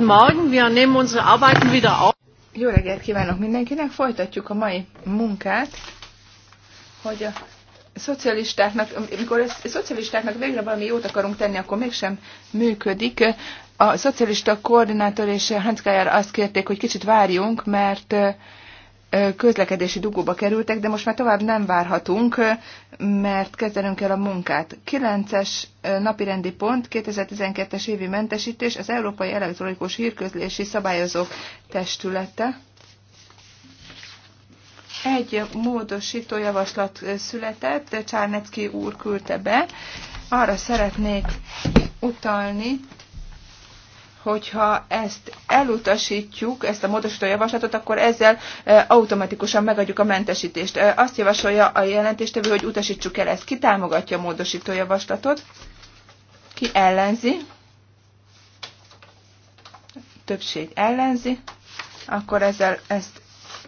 Guten Morgen, wir nehmen unsere Arbeiten wieder auf. Jó reggelt kívánok mindenkinek, folytatjuk a mai munkát, hogy a szocialistáknak, amikor a szocialistáknak végre valami jót akarunk tenni, akkor mégsem működik. A szocialista koordinátor és Hans Geyer azt kérték, hogy kicsit várjunk, mert közlekedési dugóba kerültek, de most már tovább nem várhatunk, mert kezdenünk el a munkát. 9-es napirendi pont, 2012-es évi mentesítés, az Európai Elektronikus Hírközlési Szabályozók Testülete. Egy módosító javaslat született, Csárnecki úr küldte be. Arra szeretnék utalni, hogyha ezt elutasítjuk, ezt a módosító javaslatot, akkor ezzel e, automatikusan megadjuk a mentesítést. E, azt javasolja a jelentéstevő, hogy utasítsuk el ezt. Ki támogatja a módosító javaslatot? Ki ellenzi? Többség ellenzi. Akkor ezzel ezt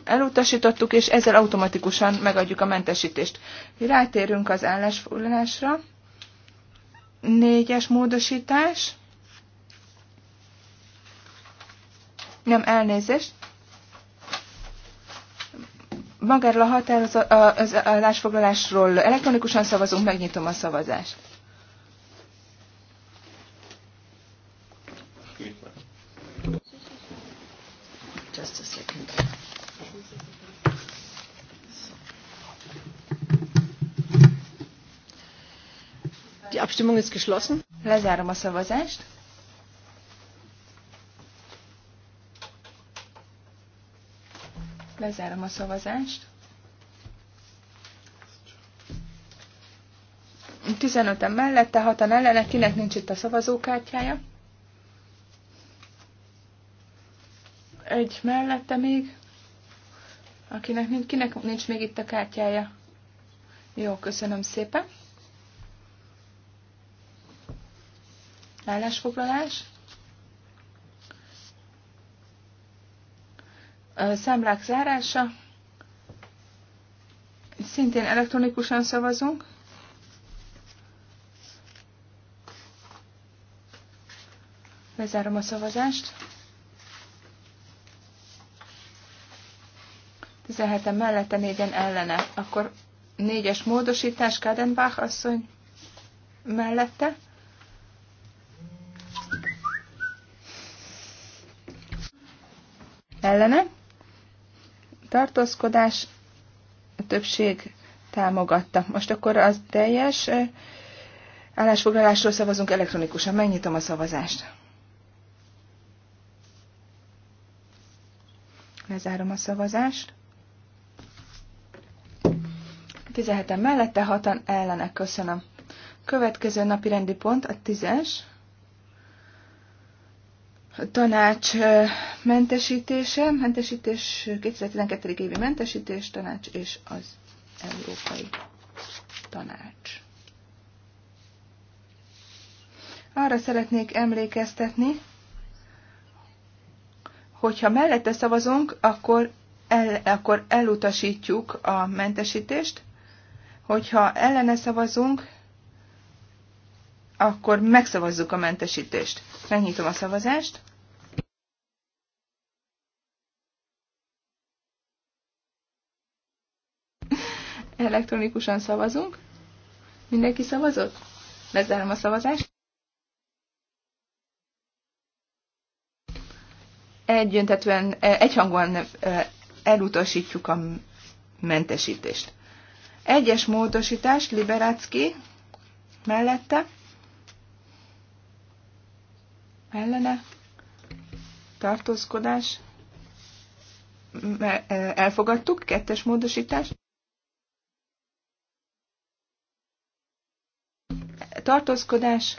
elutasítottuk, és ezzel automatikusan megadjuk a mentesítést. rátérünk az állásfoglalásra. Négyes módosítás nem elnézést, magáról a határozásfoglalásról elektronikusan szavazunk, megnyitom a szavazást. Just a second. Die Abstimmung ist geschlossen. Lezárom a szavazást. Lezárom a szavazást. 15-en mellette, 6-an ellene, kinek nincs itt a szavazókártyája. Egy mellette még, akinek nincs, kinek nincs még itt a kártyája. Jó, köszönöm szépen. Állásfoglalás. számlák zárása. Szintén elektronikusan szavazunk. Lezárom a szavazást. 17-en mellette, 4-en ellene. Akkor 4-es módosítás Kadenbach asszony mellette. Ellene tartózkodás, a többség támogatta. Most akkor az teljes állásfoglalásról szavazunk elektronikusan. Megnyitom a szavazást. Lezárom a szavazást. 17 mellette, 6 ellenek. Köszönöm. Következő napi rendi pont a 10-es tanács mentesítése, mentesítés, 2012. évi mentesítés, tanács és az Európai Tanács. Arra szeretnék emlékeztetni, hogyha mellette szavazunk, akkor, el, akkor elutasítjuk a mentesítést, hogyha ellene szavazunk, akkor megszavazzuk a mentesítést. Megnyitom a szavazást. Elektronikusan szavazunk. Mindenki szavazott? Lezárom a szavazást. Egyöntetően, e, egyhangúan e, elutasítjuk a mentesítést. Egyes módosítás, Liberácki mellette ellene tartózkodás e, elfogadtuk, kettes módosítás. Tartózkodás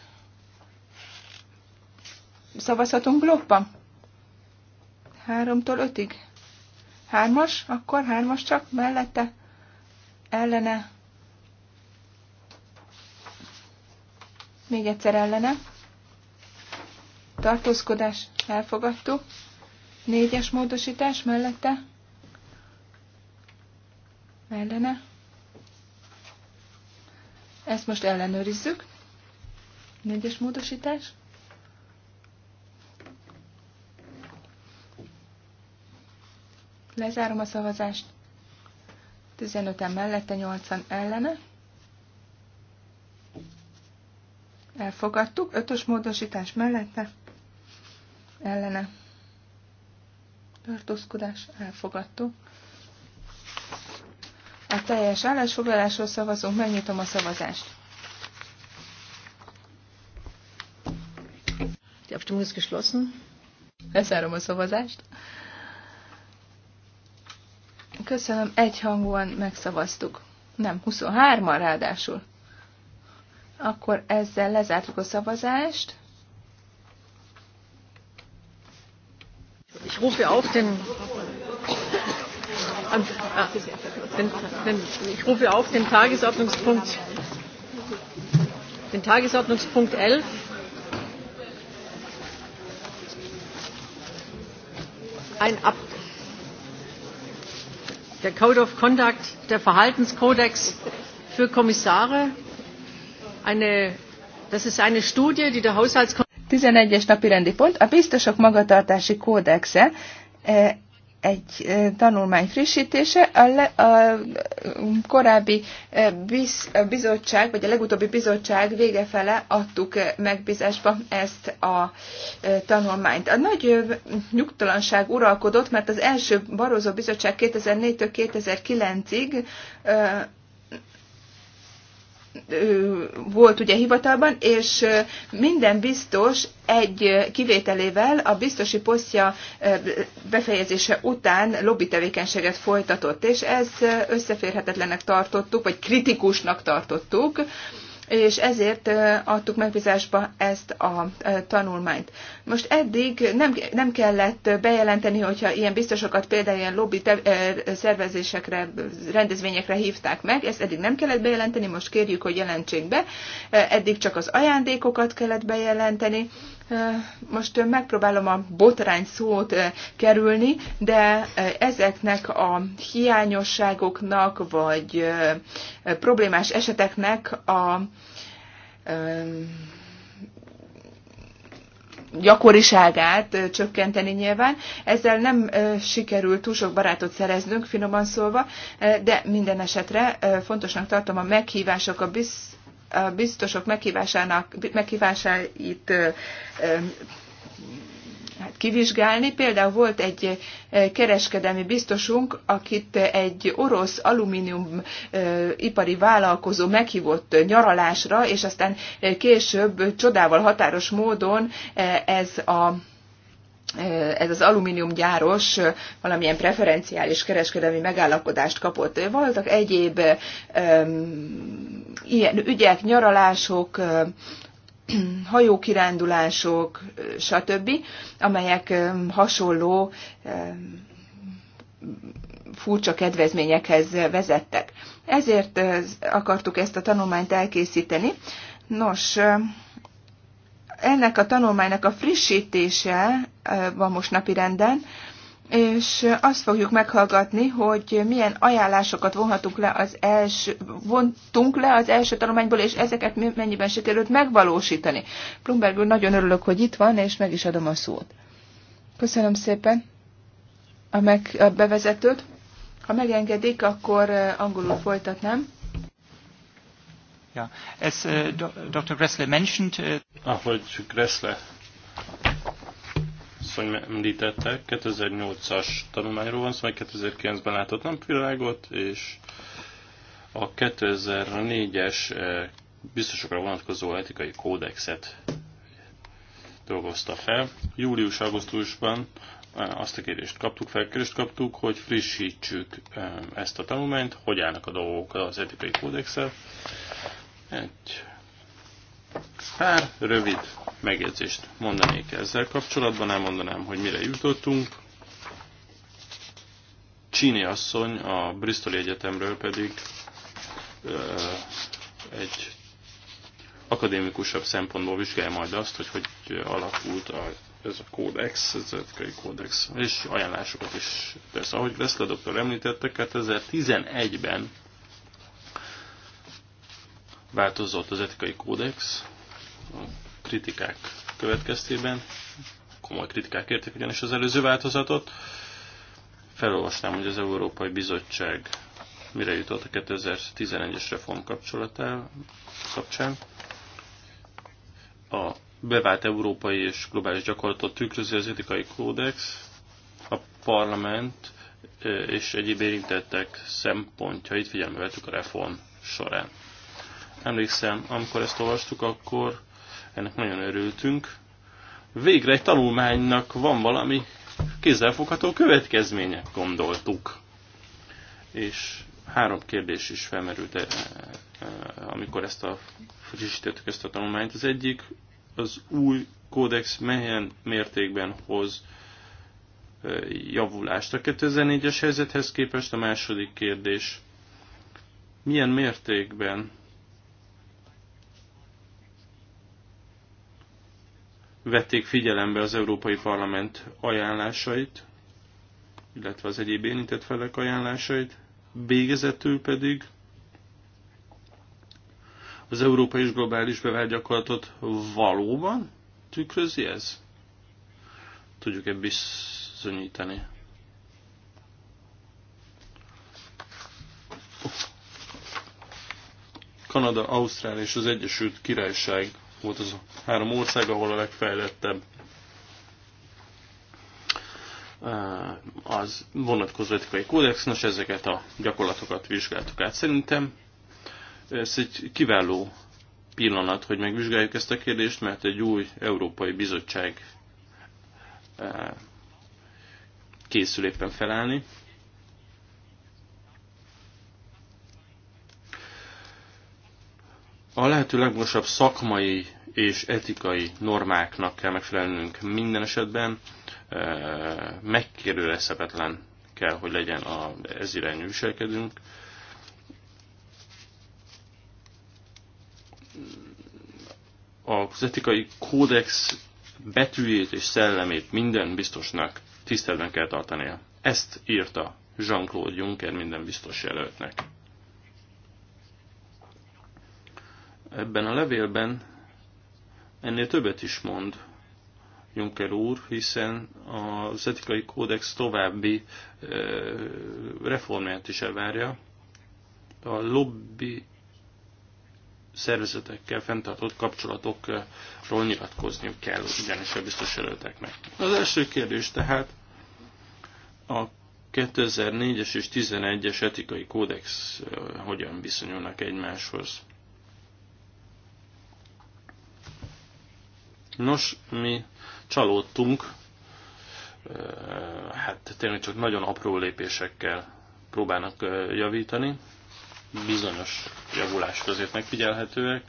szavazhatunk blokkba? Háromtól ötig? Hármas? Akkor hármas csak mellette? Ellene? Még egyszer ellene? tartózkodás elfogadtuk, négyes módosítás mellette, ellene, ezt most ellenőrizzük, négyes módosítás, lezárom a szavazást, 15-en mellette, 8-an ellene, elfogadtuk, ötös módosítás mellette, ellene tartózkodás elfogadtuk. A teljes állásfoglalásról szavazunk, megnyitom a szavazást. Die Abstimmung ist geschlossen. Lezárom a szavazást. Köszönöm, egyhangúan megszavaztuk. Nem, 23-an ráadásul. Akkor ezzel lezártuk a szavazást. rufe auf ah, den, den, ich rufe auf den Tagesordnungspunkt, den Tagesordnungspunkt 11. Ein Ab der Code of Conduct, der Verhaltenskodex für Kommissare. Eine, das ist eine Studie, die der Haushaltskontrollausschuss 11-es napi rendi pont, a biztosok magatartási kódexe e, egy e, tanulmány frissítése. A, le, a korábbi e, biz, a bizottság, vagy a legutóbbi bizottság végefele adtuk megbízásba ezt a tanulmányt. A nagy nyugtalanság uralkodott, mert az első Barozó bizottság 2004-től 2009-ig volt ugye hivatalban, és minden biztos egy kivételével a biztosi posztja befejezése után lobby tevékenységet folytatott, és ez összeférhetetlennek tartottuk, vagy kritikusnak tartottuk, és ezért adtuk megbízásba ezt a tanulmányt. Most eddig nem, nem kellett bejelenteni, hogyha ilyen biztosokat például ilyen lobby szervezésekre, rendezvényekre hívták meg, ezt eddig nem kellett bejelenteni, most kérjük, hogy jelentsék be, eddig csak az ajándékokat kellett bejelenteni, most megpróbálom a botrány szót kerülni, de ezeknek a hiányosságoknak vagy problémás eseteknek a gyakoriságát csökkenteni nyilván. Ezzel nem sikerült túl sok barátot szereznünk, finoman szólva, de minden esetre fontosnak tartom a meghívások a biztos a biztosok meghívásának, meghívásáit hát kivizsgálni. Például volt egy kereskedelmi biztosunk, akit egy orosz alumínium ipari vállalkozó meghívott nyaralásra, és aztán később csodával határos módon ez a ez az alumíniumgyáros valamilyen preferenciális kereskedelmi megállapodást kapott. Voltak egyéb um, ilyen ügyek, nyaralások, hajókirándulások, stb., amelyek hasonló furcsa kedvezményekhez vezettek. Ezért akartuk ezt a tanulmányt elkészíteni. Nos, ennek a tanulmánynak a frissítése eh, van most napirenden, és azt fogjuk meghallgatni, hogy milyen ajánlásokat vonhatunk le az első, vontunk le az első tanulmányból, és ezeket mennyiben sikerült megvalósítani. Plumberg úr, nagyon örülök, hogy itt van, és meg is adom a szót. Köszönöm szépen a, meg, a bevezetőt. Ha megengedik, akkor eh, angolul folytatnám. Yeah. As uh, Dr. Gressler mentioned... Uh, Ahogy Gressler asszony említette, 2008-as tanulmányról van szó, szóval 2009-ben látott napvilágot, és a 2004-es eh, biztosokra vonatkozó etikai kódexet dolgozta fel. Július-augusztusban eh, azt a kérdést kaptuk, felkérést kaptuk, hogy frissítsük eh, ezt a tanulmányt, hogy állnak a dolgok az etikai kódexel. Egy pár rövid megjegyzést mondanék ezzel kapcsolatban, elmondanám, hogy mire jutottunk. Csíni asszony a Bristol Egyetemről pedig ö, egy akadémikusabb szempontból vizsgálja majd azt, hogy hogy alakult a, ez a kódex, ez a etikai kódex, és ajánlásokat is tesz. Ahogy Gressler doktor említette, 2011-ben Változott az etikai kódex a kritikák következtében, komoly kritikák értek ugyanis az előző változatot. Felolvasnám, hogy az Európai Bizottság mire jutott a 2011-es reform kapcsolatával kapcsán. A bevált európai és globális gyakorlatot tükrözi az etikai kódex, a parlament eh, és egyéb érintettek szempontjait figyelembe vettük a reform során. Emlékszem, amikor ezt olvastuk, akkor ennek nagyon örültünk. Végre egy tanulmánynak van valami kézzelfogható következménye, gondoltuk. És három kérdés is felmerült, eh, eh, amikor ezt a frissítettük ezt a tanulmányt. Az egyik, az új kódex melyen mértékben hoz eh, javulást a 2004-es helyzethez képest, a második kérdés, milyen mértékben vették figyelembe az Európai Parlament ajánlásait, illetve az egyéb érintett felek ajánlásait, végezetül pedig az európai és globális bevárgyakorlatot valóban tükrözi ez? Tudjuk-e bizonyítani? Kanada, Ausztrália és az Egyesült Királyság volt az a három ország, ahol a legfejlettebb az vonatkozó etikai kódex, nos ezeket a gyakorlatokat vizsgáltuk át. Szerintem ez egy kiváló pillanat, hogy megvizsgáljuk ezt a kérdést, mert egy új Európai Bizottság készül éppen felállni. A lehető legmagasabb szakmai és etikai normáknak kell megfelelnünk minden esetben, megkérdőjelezhetetlen kell, hogy legyen a, ez irányú viselkedünk. Az etikai kódex betűjét és szellemét minden biztosnak tiszteletben kell tartania. Ezt írta Jean-Claude Juncker minden biztos jelöltnek. ebben a levélben ennél többet is mond Juncker úr, hiszen az etikai kódex további reformját is elvárja. A lobby szervezetekkel fenntartott kapcsolatokról nyilatkozniuk kell ugyanis a biztos meg. Az első kérdés tehát a 2004-es és 11-es etikai kódex hogyan viszonyulnak egymáshoz. Nos, mi csalódtunk, hát tényleg csak nagyon apró lépésekkel próbálnak javítani, bizonyos javulás azért megfigyelhetőek,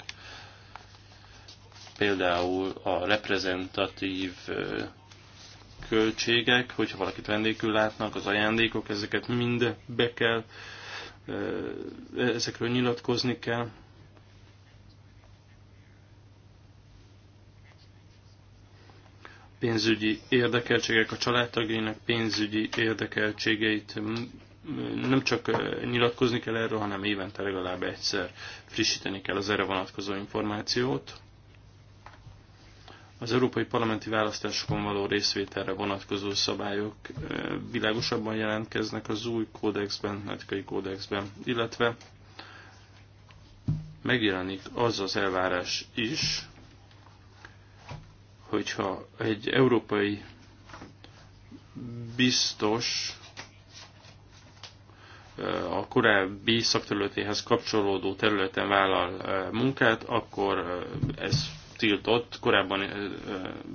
például a reprezentatív költségek, hogyha valakit vendégül látnak, az ajándékok, ezeket mind be kell, ezekről nyilatkozni kell. pénzügyi érdekeltségek, a családtagjainak pénzügyi érdekeltségeit nem csak nyilatkozni kell erről, hanem évente legalább egyszer frissíteni kell az erre vonatkozó információt. Az európai parlamenti választásokon való részvételre vonatkozó szabályok világosabban jelentkeznek az új kódexben, etikai kódexben, illetve megjelenik az az elvárás is, hogyha egy európai biztos a korábbi szakterületéhez kapcsolódó területen vállal munkát, akkor ez tiltott korábban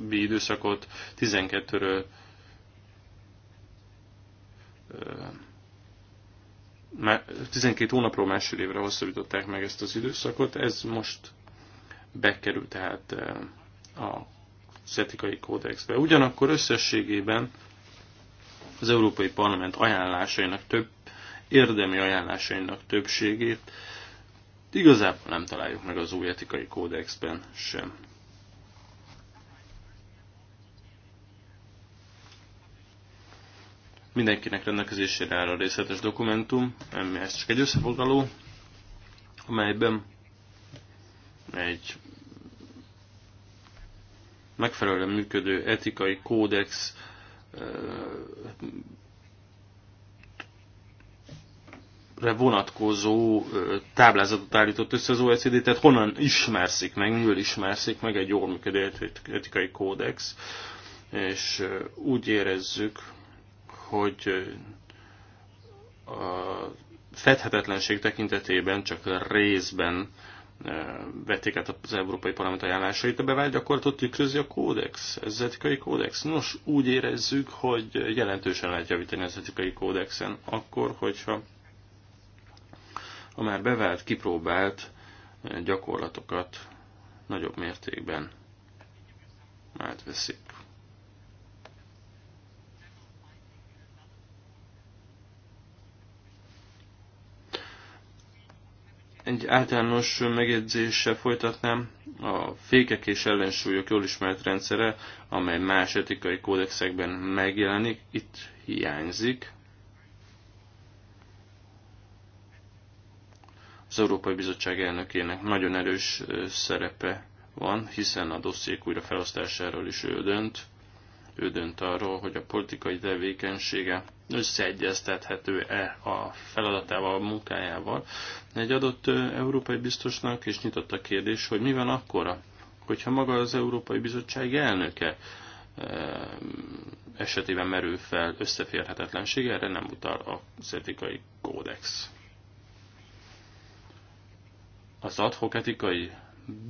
időszakot 12-ről már 12 hónapról másfél évre hosszabbították meg ezt az időszakot, ez most bekerült, tehát a az etikai kódexbe. Ugyanakkor összességében az Európai Parlament ajánlásainak több, érdemi ajánlásainak többségét igazából nem találjuk meg az új etikai kódexben sem. Mindenkinek rendelkezésére áll a részletes dokumentum, ez csak egy összefoglaló, amelyben egy megfelelően működő etikai kódex eh, vonatkozó eh, táblázatot állított össze az OECD, tehát honnan ismerszik meg, miből ismerszik meg egy jól működő etikai kódex, és eh, úgy érezzük, hogy a fedhetetlenség tekintetében csak részben vették át az Európai Parlament ajánlásait, de bevált gyakorlatot tükrözi a kódex, az etikai kódex. Nos, úgy érezzük, hogy jelentősen lehet javítani az etikai kódexen, akkor, hogyha a már bevált, kipróbált gyakorlatokat nagyobb mértékben átveszik. egy általános megjegyzéssel folytatnám a fékek és ellensúlyok jól ismert rendszere, amely más etikai kódexekben megjelenik, itt hiányzik. Az Európai Bizottság elnökének nagyon erős szerepe van, hiszen a dossziék újra felosztásáról is ő dönt. Ő dönt arról, hogy a politikai tevékenysége összeegyeztethető-e a feladatával, a munkájával. Egy adott európai biztosnak is nyitott a kérdés, hogy mi van akkora, hogyha maga az Európai Bizottság elnöke esetében merül fel összeférhetetlenség, erre nem utal az etikai kódex. Az adhok etikai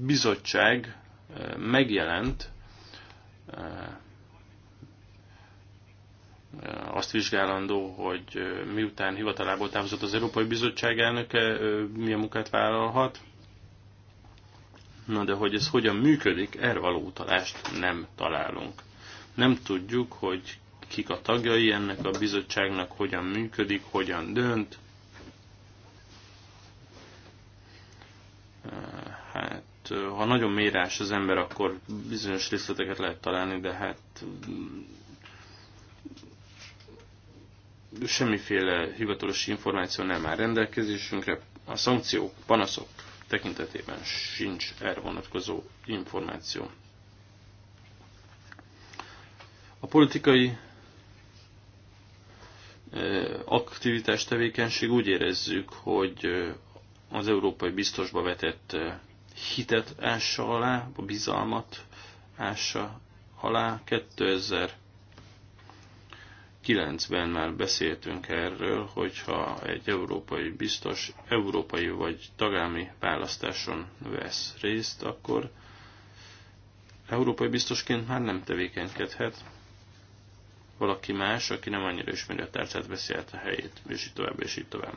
bizottság megjelent azt vizsgálandó, hogy miután hivatalából távozott az Európai Bizottság elnöke, milyen munkát vállalhat. Na de hogy ez hogyan működik, erre való utalást nem találunk. Nem tudjuk, hogy kik a tagjai ennek a bizottságnak, hogyan működik, hogyan dönt. Hát, ha nagyon mérás az ember, akkor bizonyos részleteket lehet találni, de hát semmiféle hivatalos információ nem áll rendelkezésünkre, a szankciók, panaszok tekintetében sincs erre vonatkozó információ. A politikai e, aktivitás tevékenység úgy érezzük, hogy e, az európai biztosba vetett e, hitet ássa alá, a bizalmat ássa alá 2000 2009-ben már beszéltünk erről, hogyha egy európai biztos, európai vagy tagámi választáson vesz részt, akkor európai biztosként már nem tevékenykedhet. Valaki más, aki nem annyira ismeri a tárcát, veszi át a helyét, és így tovább, és így tovább.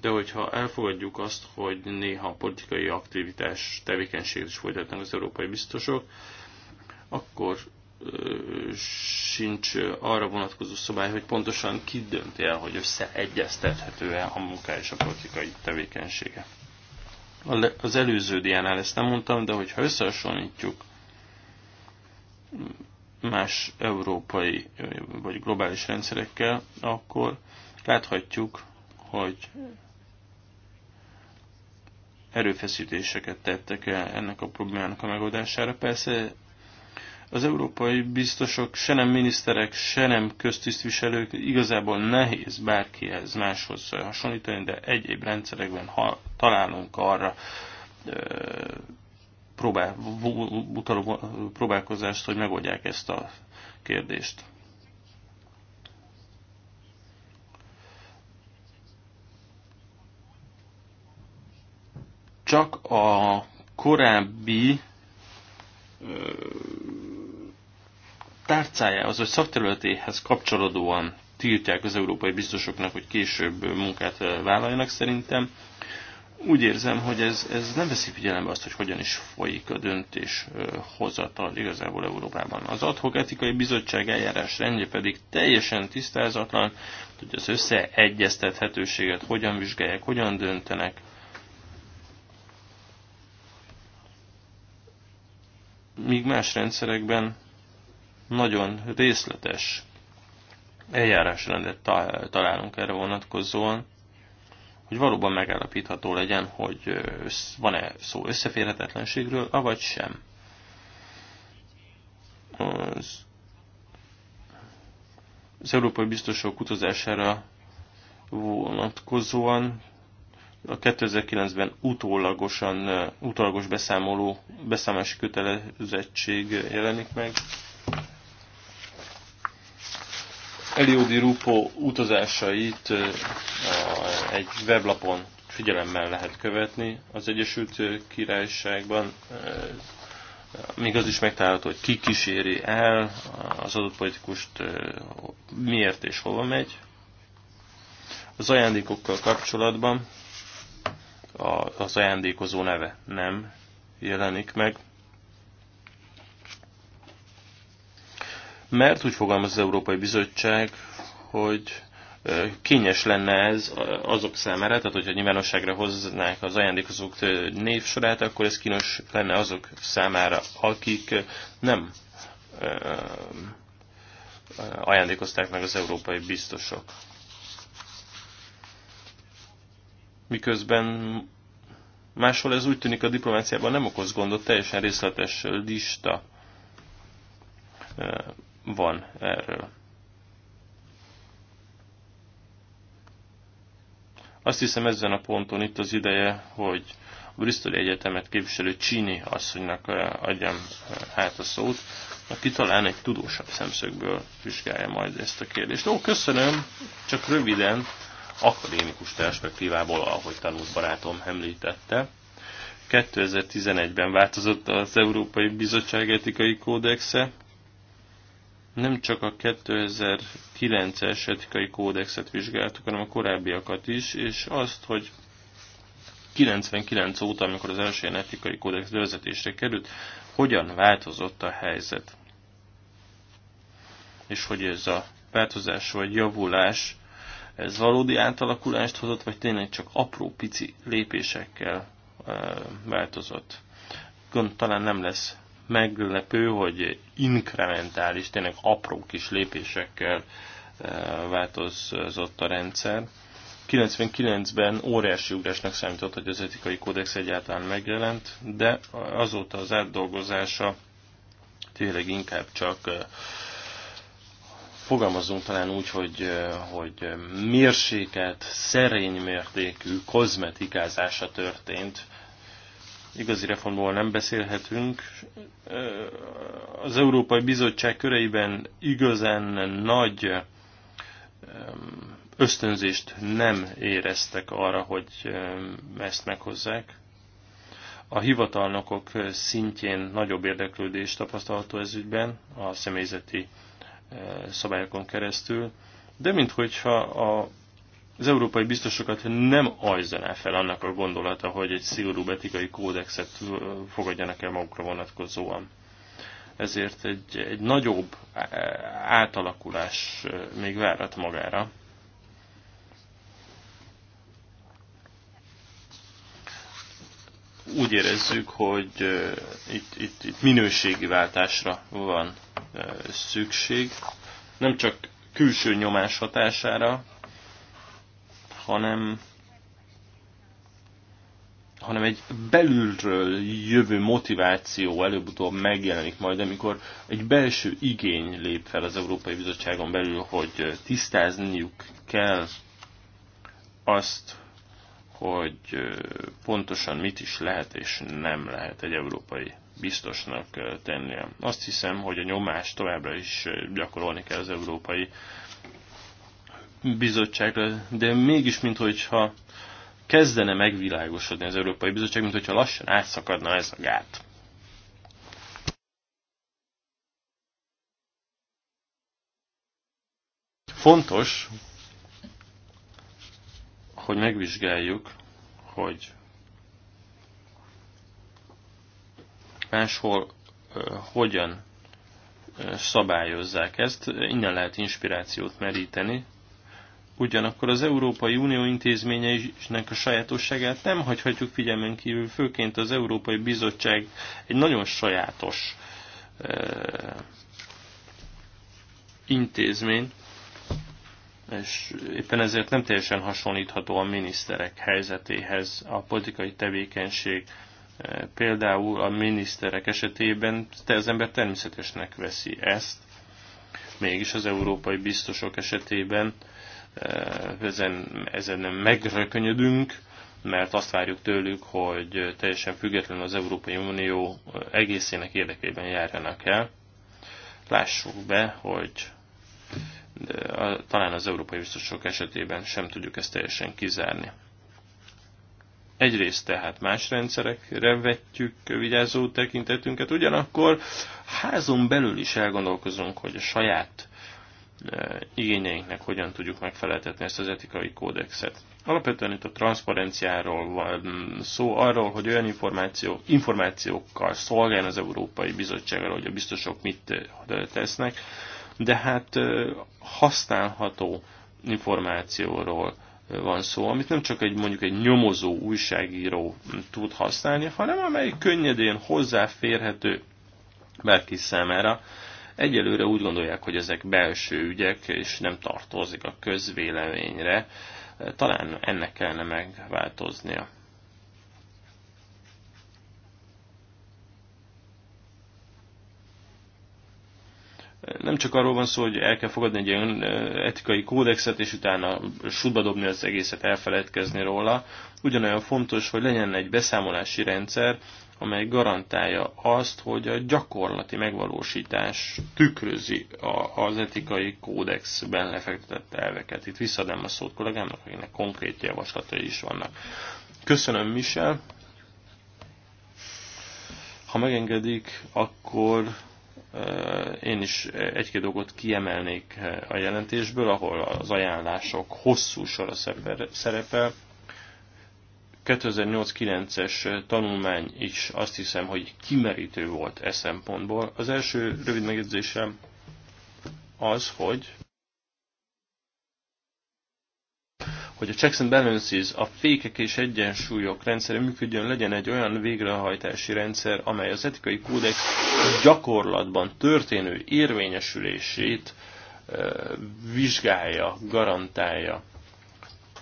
De hogyha elfogadjuk azt, hogy néha politikai aktivitás, tevékenységet is folytatnak az európai biztosok, akkor sincs arra vonatkozó szabály, hogy pontosan ki dönti el, hogy összeegyeztethető-e a munka és a politikai tevékenysége. Az előző diánál ezt nem mondtam, de hogyha összehasonlítjuk más európai vagy globális rendszerekkel, akkor láthatjuk, hogy erőfeszítéseket tettek ennek a problémának a megoldására. Persze az európai biztosok, se nem miniszterek, se nem köztisztviselők igazából nehéz bárkihez máshoz hasonlítani, de egyéb rendszerekben ha találunk arra próbál, utaló próbálkozást, hogy megoldják ezt a kérdést. Csak a korábbi tárcájához, vagy szakterületéhez kapcsolódóan tiltják az európai biztosoknak, hogy később munkát vállaljanak szerintem. Úgy érzem, hogy ez, ez nem veszi figyelembe azt, hogy hogyan is folyik a döntés hozatal igazából Európában. Az adhok etikai bizottság eljárás rendje pedig teljesen tisztázatlan, hogy az összeegyeztethetőséget hogyan vizsgálják, hogyan döntenek, míg más rendszerekben nagyon részletes eljárásrendet találunk erre vonatkozóan, hogy valóban megállapítható legyen, hogy van-e szó összeférhetetlenségről, avagy sem. Az, az európai biztosok utazására vonatkozóan a 2009-ben utólagosan, utólagos beszámoló, beszámolási kötelezettség jelenik meg. Eliódi Rupo utazásait egy weblapon figyelemmel lehet követni az Egyesült Királyságban. Még az is megtalálható, hogy ki kíséri el az adott politikust, miért és hova megy. Az ajándékokkal kapcsolatban az ajándékozó neve nem jelenik meg. Mert úgy fogalmaz az Európai Bizottság, hogy kényes lenne ez azok számára, tehát hogyha nyilvánosságra hoznák az ajándékozók névsorát, akkor ez kínos lenne azok számára, akik nem ajándékozták meg az európai biztosok. miközben máshol ez úgy tűnik a diplomáciában nem okoz gondot, teljesen részletes lista van erről. Azt hiszem ezen a ponton itt az ideje, hogy a Bristoli Egyetemet képviselő Csini asszonynak adjam hát a szót, aki talán egy tudósabb szemszögből vizsgálja majd ezt a kérdést. Ó, köszönöm, csak röviden akadémikus perspektívából, ahogy tanult barátom említette. 2011-ben változott az Európai Bizottság etikai kódexe, nem csak a 2009-es etikai kódexet vizsgáltuk, hanem a korábbiakat is, és azt, hogy 99 óta, amikor az első etikai kódex bevezetésre került, hogyan változott a helyzet. És hogy ez a változás vagy javulás ez valódi átalakulást hozott, vagy tényleg csak apró pici lépésekkel változott. Gond talán nem lesz meglepő, hogy inkrementális, tényleg apró kis lépésekkel változott a rendszer. 99-ben óriási ugrásnak számított, hogy az etikai kódex egyáltalán megjelent, de azóta az átdolgozása tényleg inkább csak fogalmazunk talán úgy, hogy, hogy mérséket, szerény mértékű kozmetikázása történt. Igazi reformból nem beszélhetünk. Az Európai Bizottság köreiben igazán nagy ösztönzést nem éreztek arra, hogy ezt meghozzák. A hivatalnokok szintjén nagyobb érdeklődés tapasztalható ez ügyben, a személyzeti szabályokon keresztül, de minthogyha a, az európai biztosokat nem ajzaná fel annak a gondolata, hogy egy szigorú etikai kódexet fogadjanak el magukra vonatkozóan. Ezért egy, egy nagyobb átalakulás még várat magára. úgy érezzük, hogy itt, itt, itt minőségi váltásra van szükség, nem csak külső nyomás hatására, hanem hanem egy belülről jövő motiváció előbb-utóbb megjelenik majd, amikor egy belső igény lép fel az Európai Bizottságon belül, hogy tisztázniuk kell azt, hogy pontosan mit is lehet és nem lehet egy európai biztosnak tennie. Azt hiszem, hogy a nyomást továbbra is gyakorolni kell az európai bizottságra, de mégis, mintha kezdene megvilágosodni az Európai Bizottság, mintha lassan átszakadna ez a gát. Fontos, hogy megvizsgáljuk, hogy máshol hogyan szabályozzák ezt. Innen lehet inspirációt meríteni. Ugyanakkor az Európai Unió intézményeinek a sajátosságát nem hagyhatjuk figyelmen kívül, főként az Európai Bizottság egy nagyon sajátos intézmény, és éppen ezért nem teljesen hasonlítható a miniszterek helyzetéhez. A politikai tevékenység e, például a miniszterek esetében te az ember természetesnek veszi ezt, mégis az európai biztosok esetében e, ezen, ezen megrökönyödünk, mert azt várjuk tőlük, hogy teljesen függetlenül az Európai Unió egészének érdekében járjanak el. Lássuk be, hogy de a, talán az európai biztosok esetében sem tudjuk ezt teljesen kizárni. Egyrészt tehát más rendszerekre vetjük vigyázó tekintetünket, ugyanakkor házon belül is elgondolkozunk, hogy a saját e, igényeinknek hogyan tudjuk megfeleltetni ezt az etikai kódexet. Alapvetően itt a transzparenciáról van szó, arról, hogy olyan információ, információkkal szolgál az Európai Bizottság arról, hogy a biztosok mit e, tesznek, de hát használható információról van szó, amit nem csak egy mondjuk egy nyomozó újságíró tud használni, hanem amely könnyedén hozzáférhető bárki számára. Egyelőre úgy gondolják, hogy ezek belső ügyek, és nem tartozik a közvéleményre. Talán ennek kellene megváltoznia. nem csak arról van szó, hogy el kell fogadni egy olyan etikai kódexet, és utána sútba dobni az egészet, elfeledkezni róla. Ugyanolyan fontos, hogy legyen egy beszámolási rendszer, amely garantálja azt, hogy a gyakorlati megvalósítás tükrözi a, az etikai kódexben lefektetett elveket. Itt visszadám a szót kollégámnak, akinek konkrét javaslatai is vannak. Köszönöm, Michel. Ha megengedik, akkor én is egy-két dolgot kiemelnék a jelentésből, ahol az ajánlások hosszú sora szerepel. 2008-9-es tanulmány is azt hiszem, hogy kimerítő volt e szempontból. Az első rövid megjegyzésem az, hogy hogy a checks and balances, a fékek és egyensúlyok rendszere működjön, legyen egy olyan végrehajtási rendszer, amely az etikai kódex gyakorlatban történő érvényesülését vizsgálja, garantálja.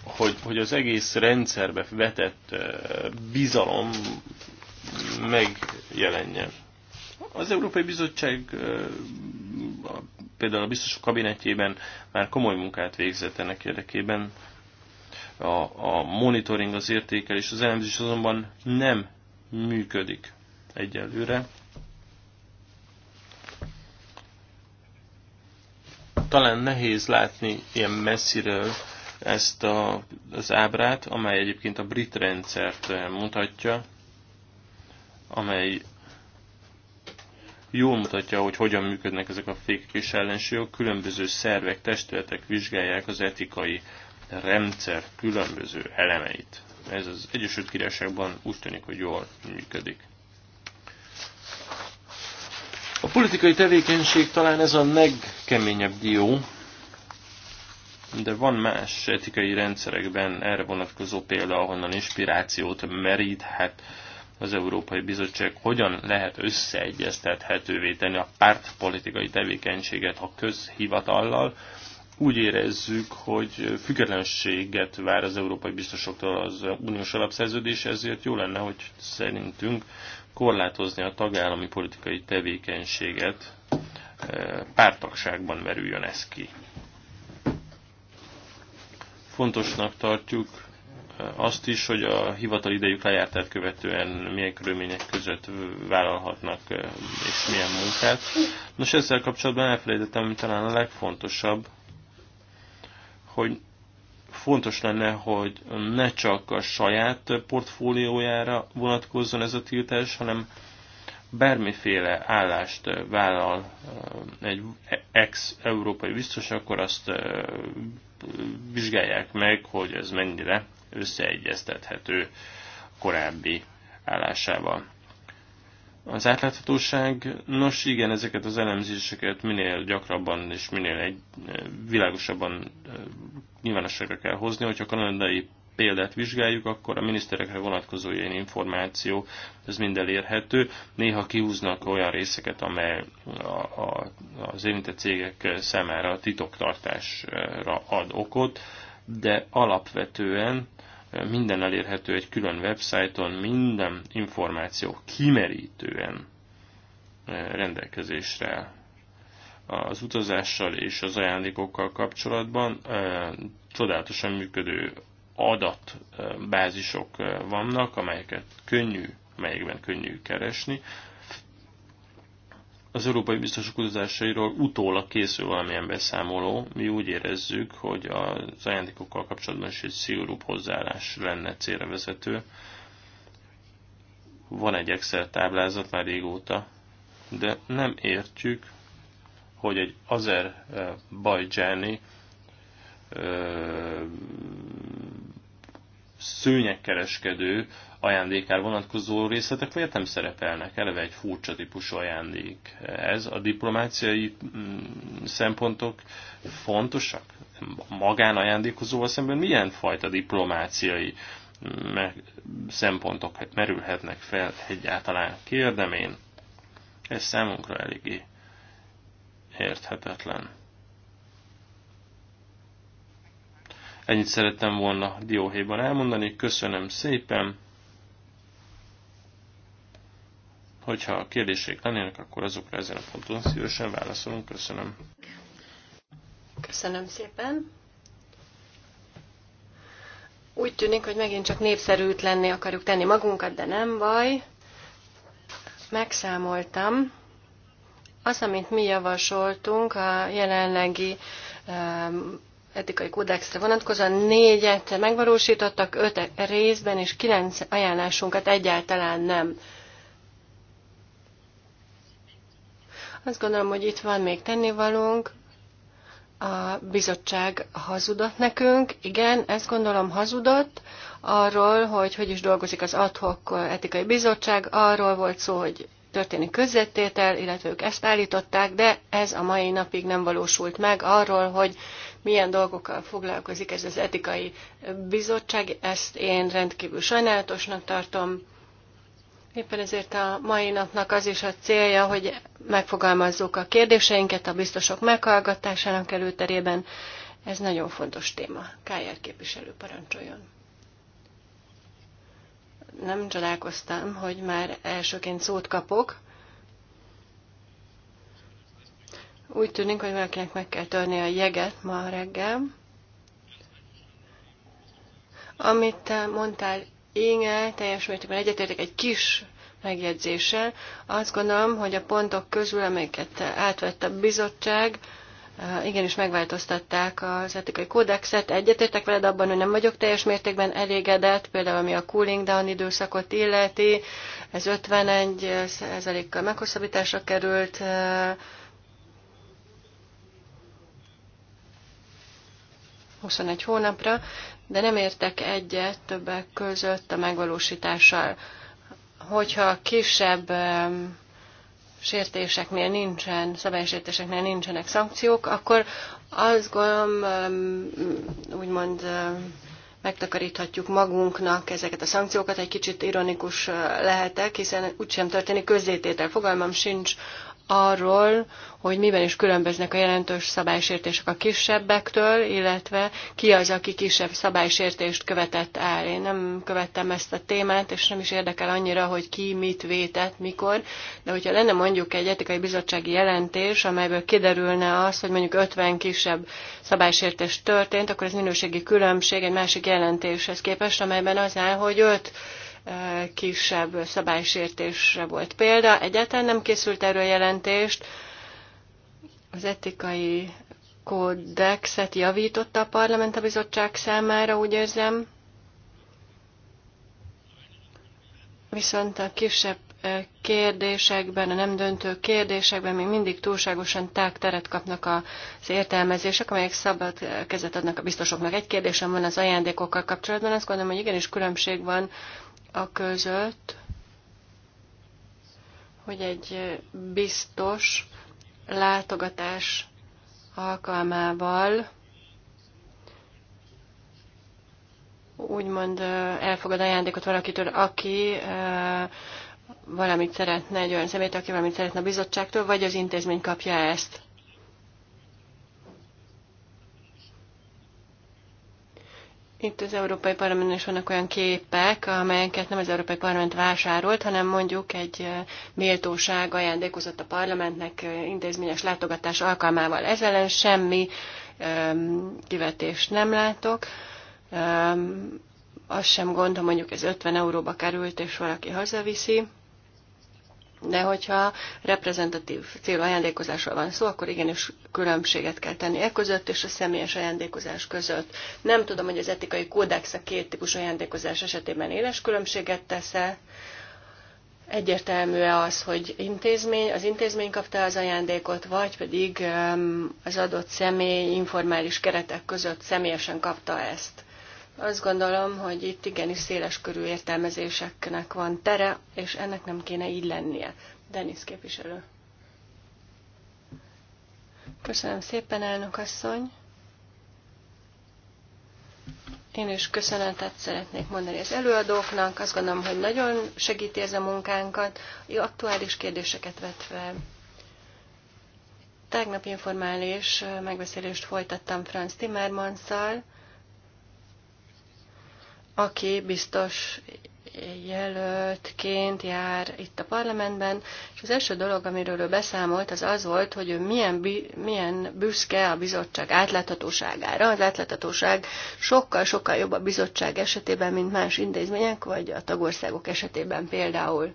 Hogy, hogy az egész rendszerbe vetett bizalom megjelenjen. Az Európai Bizottság például a biztosok kabinetjében már komoly munkát végzett ennek érdekében, a, a monitoring, az értékelés, az elemzés azonban nem működik egyelőre. Talán nehéz látni ilyen messziről ezt a, az ábrát, amely egyébként a brit rendszert mutatja, amely jól mutatja, hogy hogyan működnek ezek a fékek és ellensúlyok. Különböző szervek, testületek vizsgálják az etikai rendszer különböző elemeit. Ez az Egyesült Királyságban úgy tűnik, hogy jól működik. A politikai tevékenység talán ez a legkeményebb dió, de van más etikai rendszerekben erre vonatkozó példa, ahonnan inspirációt meríthet az Európai Bizottság, hogyan lehet összeegyeztethetővé tenni a pártpolitikai tevékenységet a közhivatallal, úgy érezzük, hogy függetlenséget vár az európai biztosoktól az uniós alapszerződés, ezért jó lenne, hogy szerintünk korlátozni a tagállami politikai tevékenységet, eh, pártagságban merüljön ez ki. Fontosnak tartjuk eh, azt is, hogy a hivatal idejük lejártát követően milyen körülmények között vállalhatnak eh, és milyen munkát. Nos, ezzel kapcsolatban elfelejtettem talán a legfontosabb, hogy fontos lenne, hogy ne csak a saját portfóliójára vonatkozzon ez a tiltás, hanem bármiféle állást vállal egy ex-európai biztos, akkor azt vizsgálják meg, hogy ez mennyire összeegyeztethető korábbi állásával. Az átláthatóság, nos igen, ezeket az elemzéseket minél gyakrabban és minél egy, világosabban nyilvánosságra kell hozni. Hogyha a kanadai példát vizsgáljuk, akkor a miniszterekre vonatkozó ilyen információ, ez mind elérhető. Néha kihúznak olyan részeket, amely a, a, az érintett cégek számára titoktartásra ad okot, de alapvetően minden elérhető egy külön websájton, minden információ kimerítően eh, rendelkezésre Az utazással és az ajándékokkal kapcsolatban eh, csodálatosan működő adatbázisok eh, vannak, amelyeket könnyű, amelyekben könnyű keresni az európai biztosok kutatásairól utólag készül valamilyen beszámoló. Mi úgy érezzük, hogy az ajándékokkal kapcsolatban is egy szigorúbb hozzáállás lenne célra vezető. Van egy Excel táblázat már régóta, de nem értjük, hogy egy azerbajdzsáni szőnyegkereskedő ajándékár vonatkozó részletek miért nem szerepelnek? Eleve egy furcsa típusú ajándék. Ez a diplomáciai mm, szempontok fontosak? Magán ajándékozóval szemben milyen fajta diplomáciai mm, szempontok merülhetnek fel egyáltalán? Kérdem én. Ez számunkra eléggé érthetetlen. Ennyit szerettem volna dióhéjban elmondani. Köszönöm szépen! Hogyha a lennének, akkor azokra ezen a ponton szívesen válaszolunk. Köszönöm. Köszönöm szépen. Úgy tűnik, hogy megint csak népszerűtlenné akarjuk tenni magunkat, de nem baj. Megszámoltam. Az, amit mi javasoltunk, a jelenlegi etikai kódexre vonatkozóan négyet megvalósítottak, öt részben, és kilenc ajánlásunkat egyáltalán nem. Azt gondolom, hogy itt van még tennivalónk. A bizottság hazudott nekünk. Igen, ezt gondolom hazudott arról, hogy hogy is dolgozik az adhok etikai bizottság. Arról volt szó, hogy történik közzettétel, illetve ők ezt állították, de ez a mai napig nem valósult meg arról, hogy milyen dolgokkal foglalkozik ez az etikai bizottság. Ezt én rendkívül sajnálatosnak tartom. Éppen ezért a mai napnak az is a célja, hogy megfogalmazzuk a kérdéseinket a biztosok meghallgatásának előterében. Ez nagyon fontos téma. Kájár képviselő parancsoljon. Nem csodálkoztam, hogy már elsőként szót kapok. Úgy tűnik, hogy valakinek meg kell törni a jeget ma reggel. Amit te mondtál, Inge, teljes mértékben egyetértek egy kis megjegyzéssel. Azt gondolom, hogy a pontok közül, amelyeket átvett a bizottság, eh, igenis megváltoztatták az etikai kódexet. Egyetértek veled abban, hogy nem vagyok teljes mértékben elégedett, például ami a cooling down időszakot illeti, ez 51 kal meghosszabbításra került, eh, 21 hónapra, de nem értek egyet többek között a megvalósítással. Hogyha kisebb sértéseknél nincsen, szabálysértéseknél nincsenek szankciók, akkor azt gondolom, úgymond megtakaríthatjuk magunknak ezeket a szankciókat, egy kicsit ironikus eh, lehetek, hiszen úgysem történik közzététel. Fogalmam sincs arról, hogy miben is különböznek a jelentős szabálysértések a kisebbektől, illetve ki az, aki kisebb szabálysértést követett el. Én nem követtem ezt a témát, és nem is érdekel annyira, hogy ki mit vétett, mikor, de hogyha lenne mondjuk egy etikai bizottsági jelentés, amelyből kiderülne az, hogy mondjuk 50 kisebb szabálysértés történt, akkor ez minőségi különbség egy másik jelentéshez képest, amelyben az áll, hogy 5 kisebb szabálysértésre volt példa. Egyáltalán nem készült erről jelentést. Az etikai kódexet javította a parlament a bizottság számára, úgy érzem. Viszont a kisebb kérdésekben, a nem döntő kérdésekben még mindig túlságosan tág teret kapnak az értelmezések, amelyek szabad kezet adnak a biztosoknak. Egy kérdésem van az ajándékokkal kapcsolatban, azt gondolom, hogy igenis különbség van a között, hogy egy biztos látogatás alkalmával úgymond elfogad ajándékot valakitől, aki valamit szeretne, egy olyan szemét, aki valamit szeretne a bizottságtól, vagy az intézmény kapja ezt. Itt az Európai Parlamentben is vannak olyan képek, amelyeket nem az Európai Parlament vásárolt, hanem mondjuk egy méltóság ajándékozott a parlamentnek intézményes látogatás alkalmával. Ez ellen semmi um, kivetést nem látok. Um, azt sem gondolom, mondjuk ez 50 euróba került, és valaki hazaviszi. De hogyha reprezentatív célajándékozásról van szó, akkor igenis különbséget kell tenni e között és a személyes ajándékozás között. Nem tudom, hogy az etikai kódex a két típus ajándékozás esetében éles különbséget tesz-e. Egyértelmű az, hogy intézmény, az intézmény kapta az ajándékot, vagy pedig az adott személy informális keretek között személyesen kapta ezt. Azt gondolom, hogy itt igenis széles körű értelmezéseknek van tere, és ennek nem kéne így lennie. Denis képviselő. Köszönöm szépen, elnök asszony. Én is köszönetet szeretnék mondani az előadóknak. Azt gondolom, hogy nagyon segíti ez a munkánkat. Aktuális kérdéseket vett fel. Tegnap informális megbeszélést folytattam Franz Timmermanszal, aki biztos jelöltként jár itt a parlamentben, és az első dolog, amiről ő beszámolt, az az volt, hogy ő milyen, milyen büszke a bizottság átláthatóságára. Az átláthatóság sokkal-sokkal jobb a bizottság esetében, mint más intézmények, vagy a tagországok esetében például.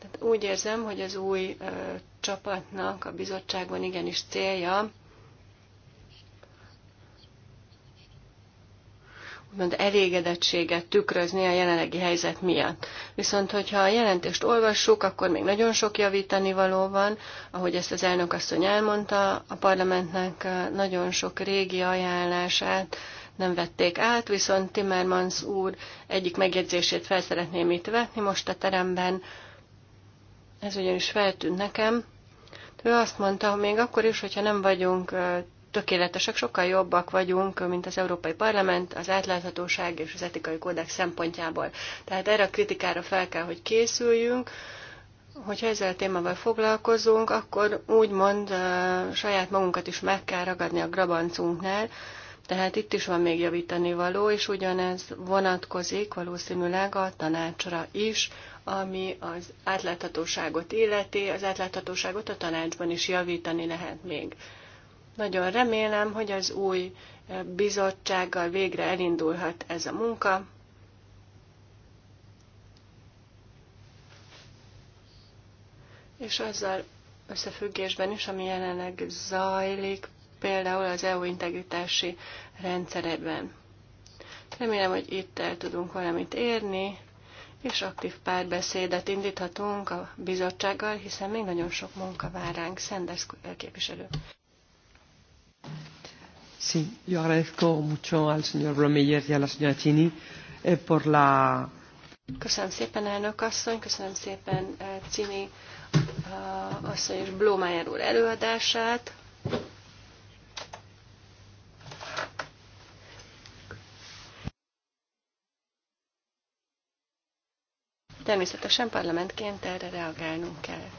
Tehát úgy érzem, hogy az új ö, csapatnak a bizottságban igenis célja úgymond elégedettséget tükrözni a jelenlegi helyzet miatt. Viszont, hogyha a jelentést olvassuk, akkor még nagyon sok javítani való van, ahogy ezt az elnök asszony elmondta, a parlamentnek nagyon sok régi ajánlását nem vették át, viszont Timmermans úr egyik megjegyzését fel szeretném itt vetni most a teremben, ez ugyanis feltűnt nekem. Ő azt mondta, hogy még akkor is, hogyha nem vagyunk tökéletesek, sokkal jobbak vagyunk, mint az Európai Parlament az átláthatóság és az etikai kódex szempontjából. Tehát erre a kritikára fel kell, hogy készüljünk, hogyha ezzel a témával foglalkozunk, akkor úgymond uh, saját magunkat is meg kell ragadni a grabancunknál, tehát itt is van még javítani való, és ugyanez vonatkozik valószínűleg a tanácsra is, ami az átláthatóságot illeti, az átláthatóságot a tanácsban is javítani lehet még. Nagyon remélem, hogy az új eh, bizottsággal végre elindulhat ez a munka. És azzal összefüggésben is, ami jelenleg zajlik, például az EU integritási rendszeredben. Remélem, hogy itt el tudunk valamit érni, és aktív párbeszédet indíthatunk a bizottsággal, hiszen még nagyon sok munka vár ránk. Szenders eh, képviselő. Sí, yo agradezco mucho al señor Romeyer y a la señora Chini eh, por la. Köszönöm szépen, elnök asszony, köszönöm szépen eh, Cini eh, asszony és Blómájer úr előadását. Természetesen parlamentként erre reagálnunk kell.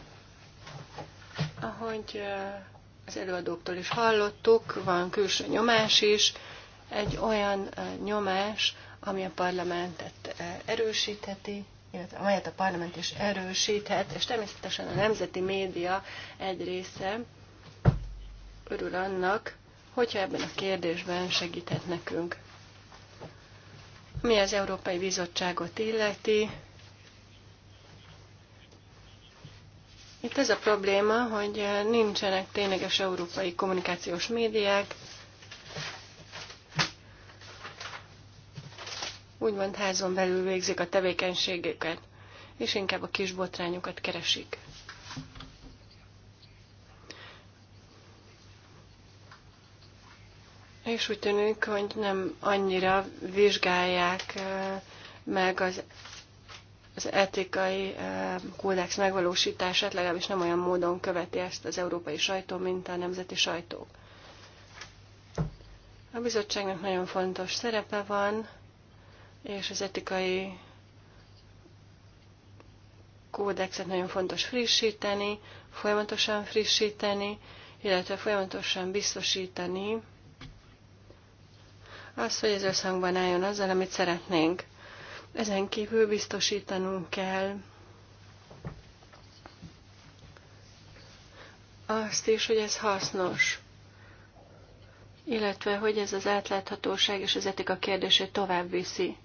Ahogy eh, az előadóktól is hallottuk, van külső nyomás is, egy olyan nyomás, ami a parlamentet erősítheti, illetve amelyet a parlament is erősíthet, és természetesen a nemzeti média egy része örül annak, hogyha ebben a kérdésben segíthet nekünk. Mi az Európai Bizottságot illeti, Itt ez a probléma, hogy nincsenek tényleges európai kommunikációs médiák, úgymond házon belül végzik a tevékenységüket, és inkább a kis botrányokat keresik. És úgy tűnik, hogy nem annyira vizsgálják eh, meg az az etikai eh, kódex megvalósítását legalábbis nem olyan módon követi ezt az európai sajtó, mint a nemzeti sajtó. A bizottságnak nagyon fontos szerepe van, és az etikai kódexet nagyon fontos frissíteni, folyamatosan frissíteni, illetve folyamatosan biztosítani azt, hogy ez összhangban álljon azzal, amit szeretnénk. Ezen kívül biztosítanunk kell azt is, hogy ez hasznos, illetve hogy ez az átláthatóság és az etika kérdését tovább viszi.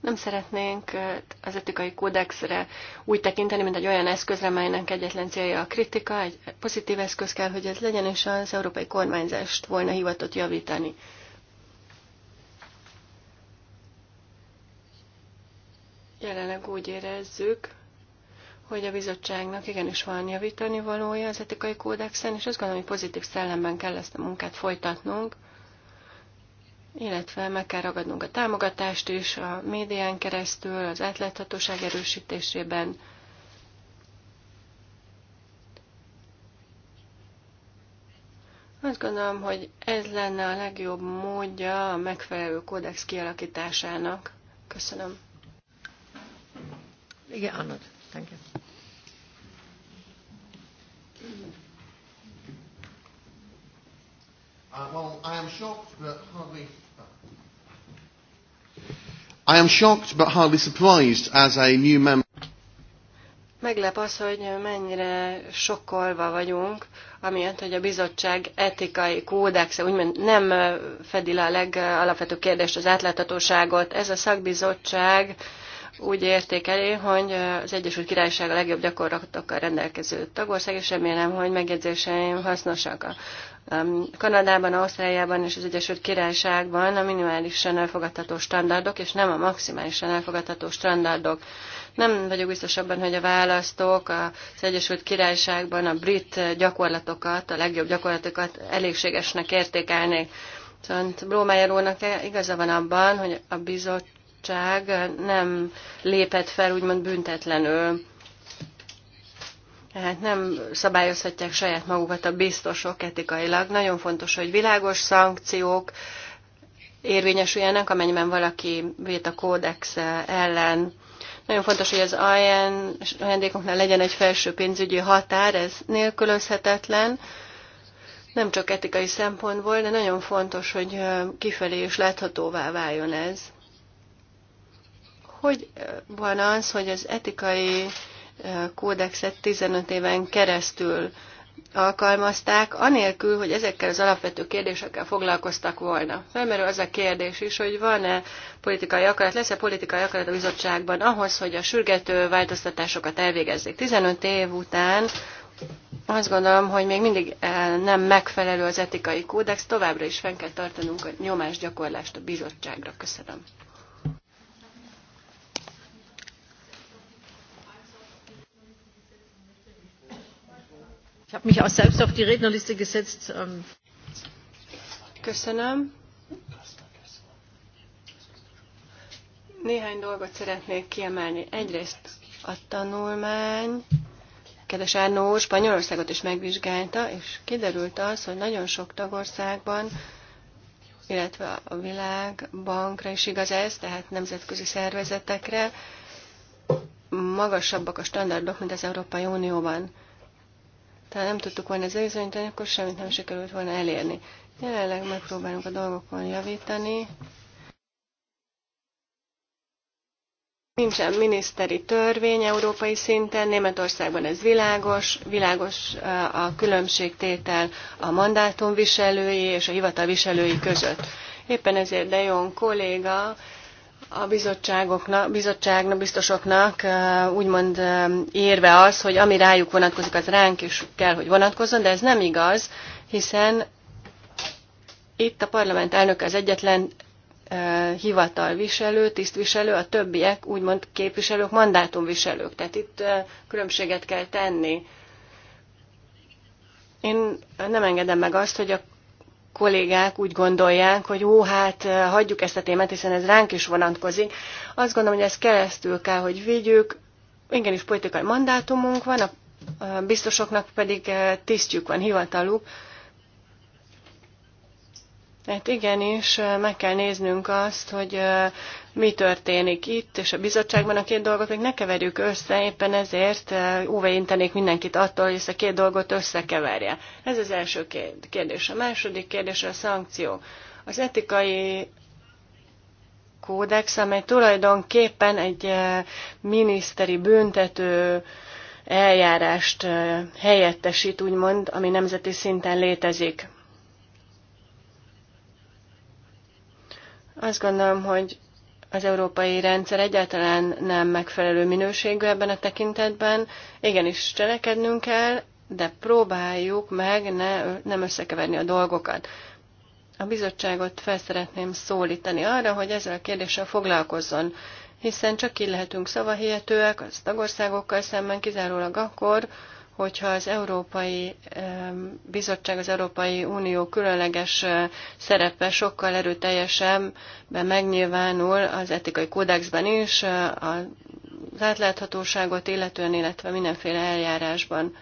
Nem szeretnénk eh, az etikai kódexre úgy tekinteni, mint egy olyan eszközre, melynek egyetlen célja a kritika, egy pozitív eszköz kell, hogy ez legyen, és az európai kormányzást volna hivatott javítani. Jelenleg úgy érezzük, hogy a bizottságnak igenis van javítani valója az etikai kódexen, és azt gondolom, hogy pozitív szellemben kell ezt a munkát folytatnunk, illetve meg kell ragadnunk a támogatást is a médián keresztül, az átláthatóság erősítésében, Azt gondolom, hogy ez lenne a legjobb módja a megfelelő kódex kialakításának. Köszönöm geahndet. annak, Uh, well, I am shocked, but hardly. Uh, I am shocked, but hardly surprised as a new member. Meglep az, hogy mennyire sokkolva vagyunk, amiatt, hogy a bizottság etikai kódexe úgymond nem uh, fedi le a legalapvetőbb kérdést, az átláthatóságot. Ez a szakbizottság uh, úgy értékeli, hogy az Egyesült Királyság a legjobb gyakorlatokkal rendelkező tagország, és remélem, hogy megjegyzéseim hasznosak. A um, Kanadában, Ausztráliában és az Egyesült Királyságban a minimálisan elfogadható standardok, és nem a maximálisan elfogadható standardok. Nem vagyok biztos abban, hogy a választók az Egyesült Királyságban a brit gyakorlatokat, a legjobb gyakorlatokat elégségesnek értékelnék. szóval Brómájer úrnak igaza van abban, hogy a bizott bizottság nem lépett fel úgymond büntetlenül. Tehát nem szabályozhatják saját magukat a biztosok etikailag. Nagyon fontos, hogy világos szankciók érvényesüljenek, amennyiben valaki vét a kódex ellen. Nagyon fontos, hogy az ajándékoknál legyen egy felső pénzügyi határ, ez nélkülözhetetlen, nem csak etikai szempontból, de nagyon fontos, hogy kifelé is láthatóvá váljon ez. Hogy van az, hogy az etikai kódexet 15 éven keresztül alkalmazták, anélkül, hogy ezekkel az alapvető kérdésekkel foglalkoztak volna. Felmerül az a kérdés is, hogy van-e politikai akarat, lesz-e politikai akarat a bizottságban ahhoz, hogy a sürgető változtatásokat elvégezzék. 15 év után azt gondolom, hogy még mindig nem megfelelő az etikai kódex, továbbra is fenn kell tartanunk a nyomásgyakorlást a bizottságra. Köszönöm. Ich habe mich auch selbst auf die Rednerliste gesetzt. Ähm. Köszönöm. Néhány dolgot szeretnék kiemelni. Egyrészt a tanulmány, kedves Árnó Spanyolországot is megvizsgálta, és kiderült az, hogy nagyon sok tagországban, illetve a világbankra is igaz ez, tehát nemzetközi szervezetekre, magasabbak a standardok, mint az Európai Unióban. Tehát nem tudtuk volna ezzel bizonyítani, akkor semmit nem sikerült volna elérni. Jelenleg megpróbálunk a dolgokon javítani. Nincsen miniszteri törvény európai szinten, Németországban ez világos, világos eh, a különbségtétel a mandátum viselői és a hivatal viselői között. Éppen ezért De kolléga a bizottságoknak, bizottságnak, biztosoknak úgymond érve az, hogy ami rájuk vonatkozik, az ránk is kell, hogy vonatkozzon, de ez nem igaz, hiszen itt a parlament elnöke az egyetlen hivatalviselő, tisztviselő, a többiek úgymond képviselők, mandátumviselők. Tehát itt különbséget kell tenni. Én nem engedem meg azt, hogy a kollégák úgy gondolják, hogy ó, hát eh, hagyjuk ezt a témát, hiszen ez ránk is vonatkozik. Azt gondolom, hogy ezt keresztül kell, hogy vigyük. Igenis politikai mandátumunk van, a biztosoknak pedig eh, tisztjük van, hivataluk, tehát igenis meg kell néznünk azt, hogy mi történik itt, és a bizottságban a két dolgot még ne keverjük össze, éppen ezért óvaintenék mindenkit attól, hogy ezt a két dolgot összekeverje. Ez az első kérdés. A második kérdés a szankció. Az etikai kódex, amely tulajdonképpen egy miniszteri büntető eljárást helyettesít, úgymond, ami nemzeti szinten létezik. Azt gondolom, hogy az európai rendszer egyáltalán nem megfelelő minőségű ebben a tekintetben. Igenis cselekednünk kell, de próbáljuk meg ne, nem összekeverni a dolgokat. A bizottságot fel szeretném szólítani arra, hogy ezzel a kérdéssel foglalkozzon, hiszen csak így lehetünk szavahihetőek az tagországokkal szemben, kizárólag akkor, hogyha az Európai Bizottság, az Európai Unió különleges szerepe sokkal erőteljesebb megnyilvánul az etikai kódexben is, az átláthatóságot illetően, illetve mindenféle eljárásban.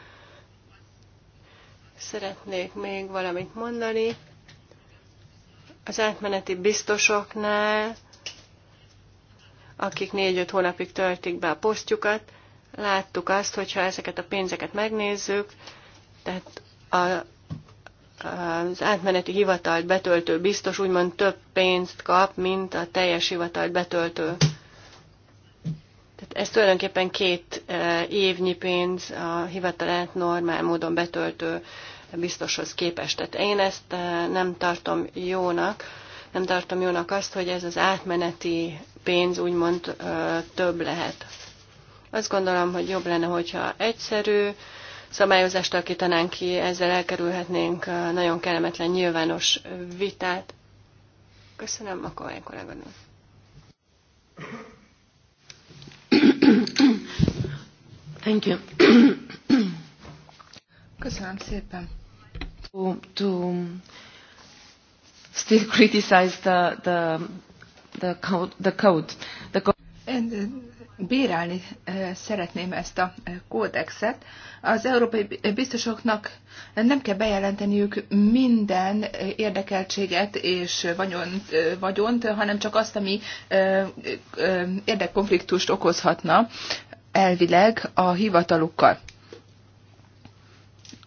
Szeretnék még valamit mondani. Az átmeneti biztosoknál, akik négy-öt hónapig töltik be a posztjukat, láttuk azt, hogyha ezeket a pénzeket megnézzük, tehát a, az átmeneti hivatalt betöltő biztos úgymond több pénzt kap, mint a teljes hivatalt betöltő. Tehát ez tulajdonképpen két e, évnyi pénz a hivatalát normál módon betöltő biztoshoz képest. Tehát én ezt e, nem tartom jónak, nem tartom jónak azt, hogy ez az átmeneti pénz úgymond e, több lehet. Azt gondolom, hogy jobb lenne, hogyha egyszerű szabályozást alakítanánk ki, ezzel elkerülhetnénk a nagyon kellemetlen nyilvános vitát. Köszönöm a kollégának. Thank you. Köszönöm szépen. To, to still criticize the, the, the, code, the code. The code. And, bírálni szeretném ezt a kódexet. Az európai biztosoknak nem kell bejelenteniük minden érdekeltséget és vagyont, vagyont hanem csak azt, ami érdekkonfliktust okozhatna elvileg a hivatalukkal.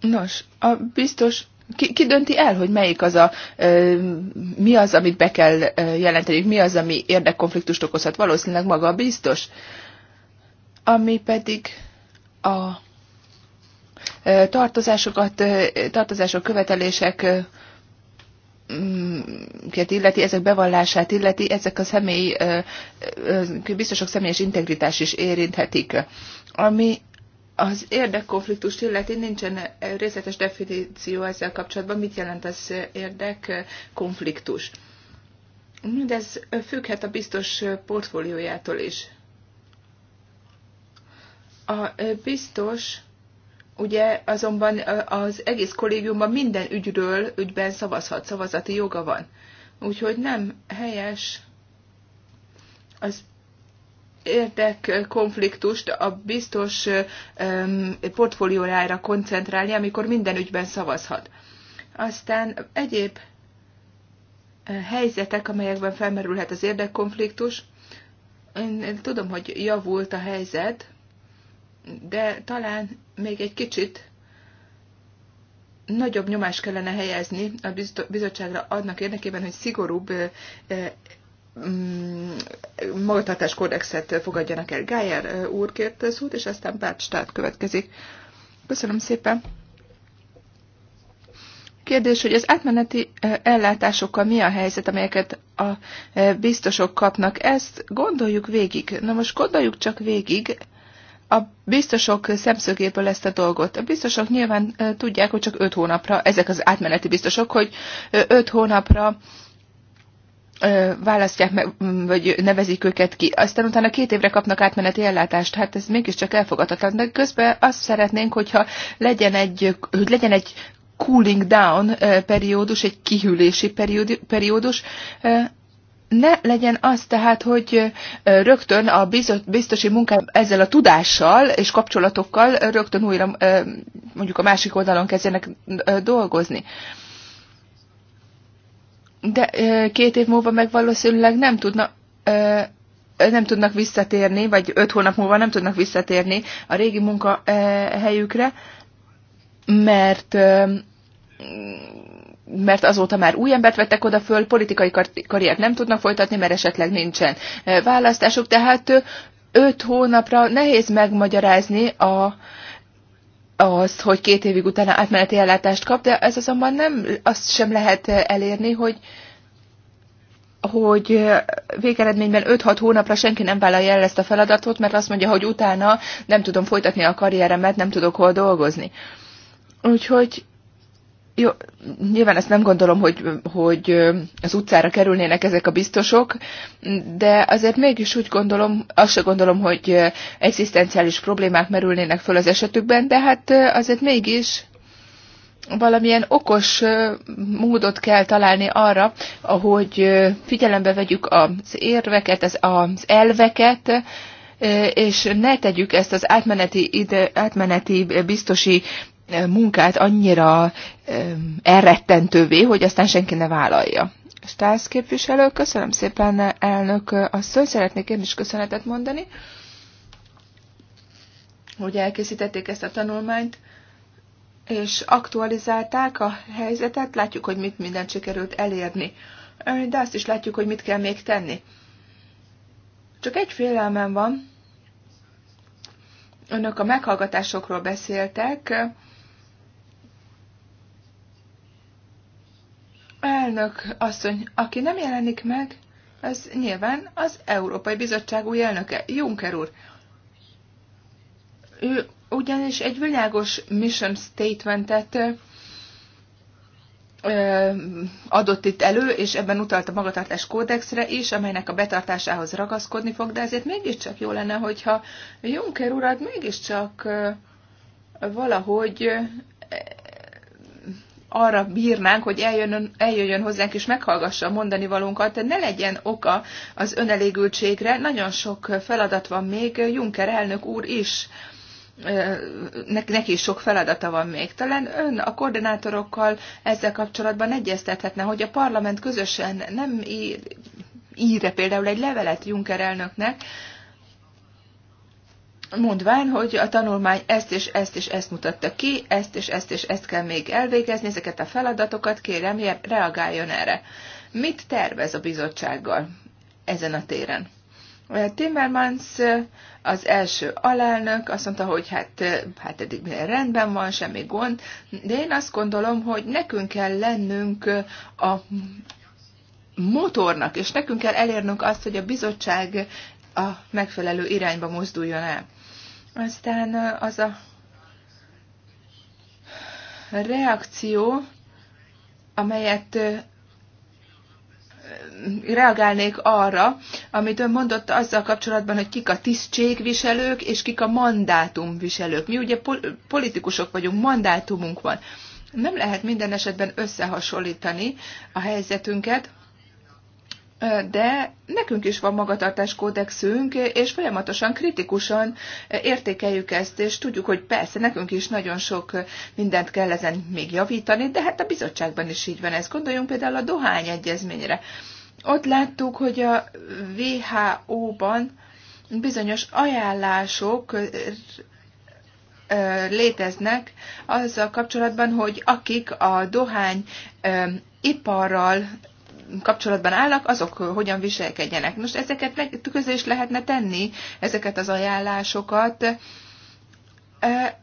Nos, a biztos ki, ki dönti el, hogy melyik az a, mi az, amit be kell jelenteni, mi az, ami érdekkonfliktust okozhat? Valószínűleg maga a biztos. Ami pedig a tartozásokat, tartozások, követelések illeti, ezek bevallását illeti, ezek a személy, biztosok személyes integritás is érinthetik. Ami az érdekkonfliktus illeti nincsen részletes definíció ezzel kapcsolatban, mit jelent az érdekkonfliktus. Mindez függhet a biztos portfóliójától is. A biztos ugye azonban az egész kollégiumban minden ügyről ügyben szavazhat, szavazati joga van. Úgyhogy nem helyes az konfliktust a biztos portfóliójára koncentrálni, amikor minden ügyben szavazhat. Aztán egyéb eh, helyzetek, amelyekben felmerülhet az érdekkonfliktus. Én, én tudom, hogy javult a helyzet, de talán még egy kicsit nagyobb nyomást kellene helyezni a bizottságra annak érdekében, hogy szigorúbb eh, Mm, magatartás kódexet fogadjanak el. Gájer úr kért szót, és aztán Bárcstát következik. Köszönöm szépen. Kérdés, hogy az átmeneti ellátásokkal mi a helyzet, amelyeket a biztosok kapnak? Ezt gondoljuk végig. Na most gondoljuk csak végig a biztosok szemszögéből ezt a dolgot. A biztosok nyilván tudják, hogy csak 5 hónapra, ezek az átmeneti biztosok, hogy 5 hónapra választják meg, vagy nevezik őket ki. Aztán utána két évre kapnak átmeneti ellátást. Hát ez mégiscsak elfogadhatatlan. De közben azt szeretnénk, hogyha legyen egy, hogy legyen egy cooling down periódus, egy kihűlési periódus, ne legyen az tehát, hogy rögtön a biztosi munkám ezzel a tudással és kapcsolatokkal rögtön újra mondjuk a másik oldalon kezdjenek dolgozni de két év múlva meg valószínűleg nem tudna nem tudnak visszatérni, vagy öt hónap múlva nem tudnak visszatérni a régi munkahelyükre, mert mert azóta már új embert vettek oda föl, politikai kar karriert nem tudnak folytatni, mert esetleg nincsen választásuk, tehát öt hónapra nehéz megmagyarázni a az, hogy két évig utána átmeneti ellátást kap, de ez azonban nem, azt sem lehet elérni, hogy hogy végeredményben 5-6 hónapra senki nem vállalja el ezt a feladatot, mert azt mondja, hogy utána nem tudom folytatni a karrieremet, nem tudok hol dolgozni. Úgyhogy jó, nyilván ezt nem gondolom, hogy, hogy az utcára kerülnének ezek a biztosok, de azért mégis úgy gondolom, azt se gondolom, hogy egzisztenciális problémák merülnének föl az esetükben, de hát azért mégis valamilyen okos módot kell találni arra, ahogy figyelembe vegyük az érveket, az, az elveket, és ne tegyük ezt az átmeneti, ide, átmeneti biztosi munkát annyira elrettentővé, hogy aztán senki ne vállalja. Stász képviselő, köszönöm szépen elnök asszony, szeretnék én is köszönetet mondani, hogy elkészítették ezt a tanulmányt, és aktualizálták a helyzetet, látjuk, hogy mit minden sikerült elérni, de azt is látjuk, hogy mit kell még tenni. Csak egy félelmem van, önök a meghallgatásokról beszéltek, elnök asszony, aki nem jelenik meg, az nyilván az Európai Bizottság új elnöke, Juncker úr. Ő ugyanis egy világos mission statementet adott itt elő, és ebben utalt a magatartás kódexre is, amelynek a betartásához ragaszkodni fog, de ezért mégiscsak jó lenne, hogyha Juncker urad mégiscsak valahogy arra bírnánk, hogy eljön, eljöjjön hozzánk és meghallgassa a mondani valónkat, ne legyen oka az önelégültségre. Nagyon sok feladat van még, Juncker elnök úr is neki is sok feladata van még. Talán ön a koordinátorokkal ezzel kapcsolatban egyeztethetne, hogy a parlament közösen nem ír, ír például egy levelet Juncker elnöknek, mondván, hogy a tanulmány ezt és ezt és ezt mutatta ki, ezt és ezt és ezt kell még elvégezni, ezeket a feladatokat, kérem, reagáljon erre. Mit tervez a bizottsággal ezen a téren? Timmermans az első alelnök azt mondta, hogy hát, hát eddig minden rendben van, semmi gond, de én azt gondolom, hogy nekünk kell lennünk a motornak, és nekünk kell elérnünk azt, hogy a bizottság a megfelelő irányba mozduljon el. Aztán az a reakció, amelyet reagálnék arra, amit ön mondott azzal kapcsolatban, hogy kik a tisztségviselők és kik a mandátumviselők. Mi ugye politikusok vagyunk, mandátumunk van. Nem lehet minden esetben összehasonlítani a helyzetünket, de nekünk is van magatartás kódexünk, és folyamatosan kritikusan értékeljük ezt, és tudjuk, hogy persze, nekünk is nagyon sok mindent kell ezen még javítani, de hát a bizottságban is így van ez. Gondoljunk például a dohány egyezményre. Ott láttuk, hogy a WHO-ban bizonyos ajánlások léteznek azzal kapcsolatban, hogy akik a dohány iparral kapcsolatban állnak, azok hogyan viselkedjenek. Most ezeket közé is lehetne tenni, ezeket az ajánlásokat, e,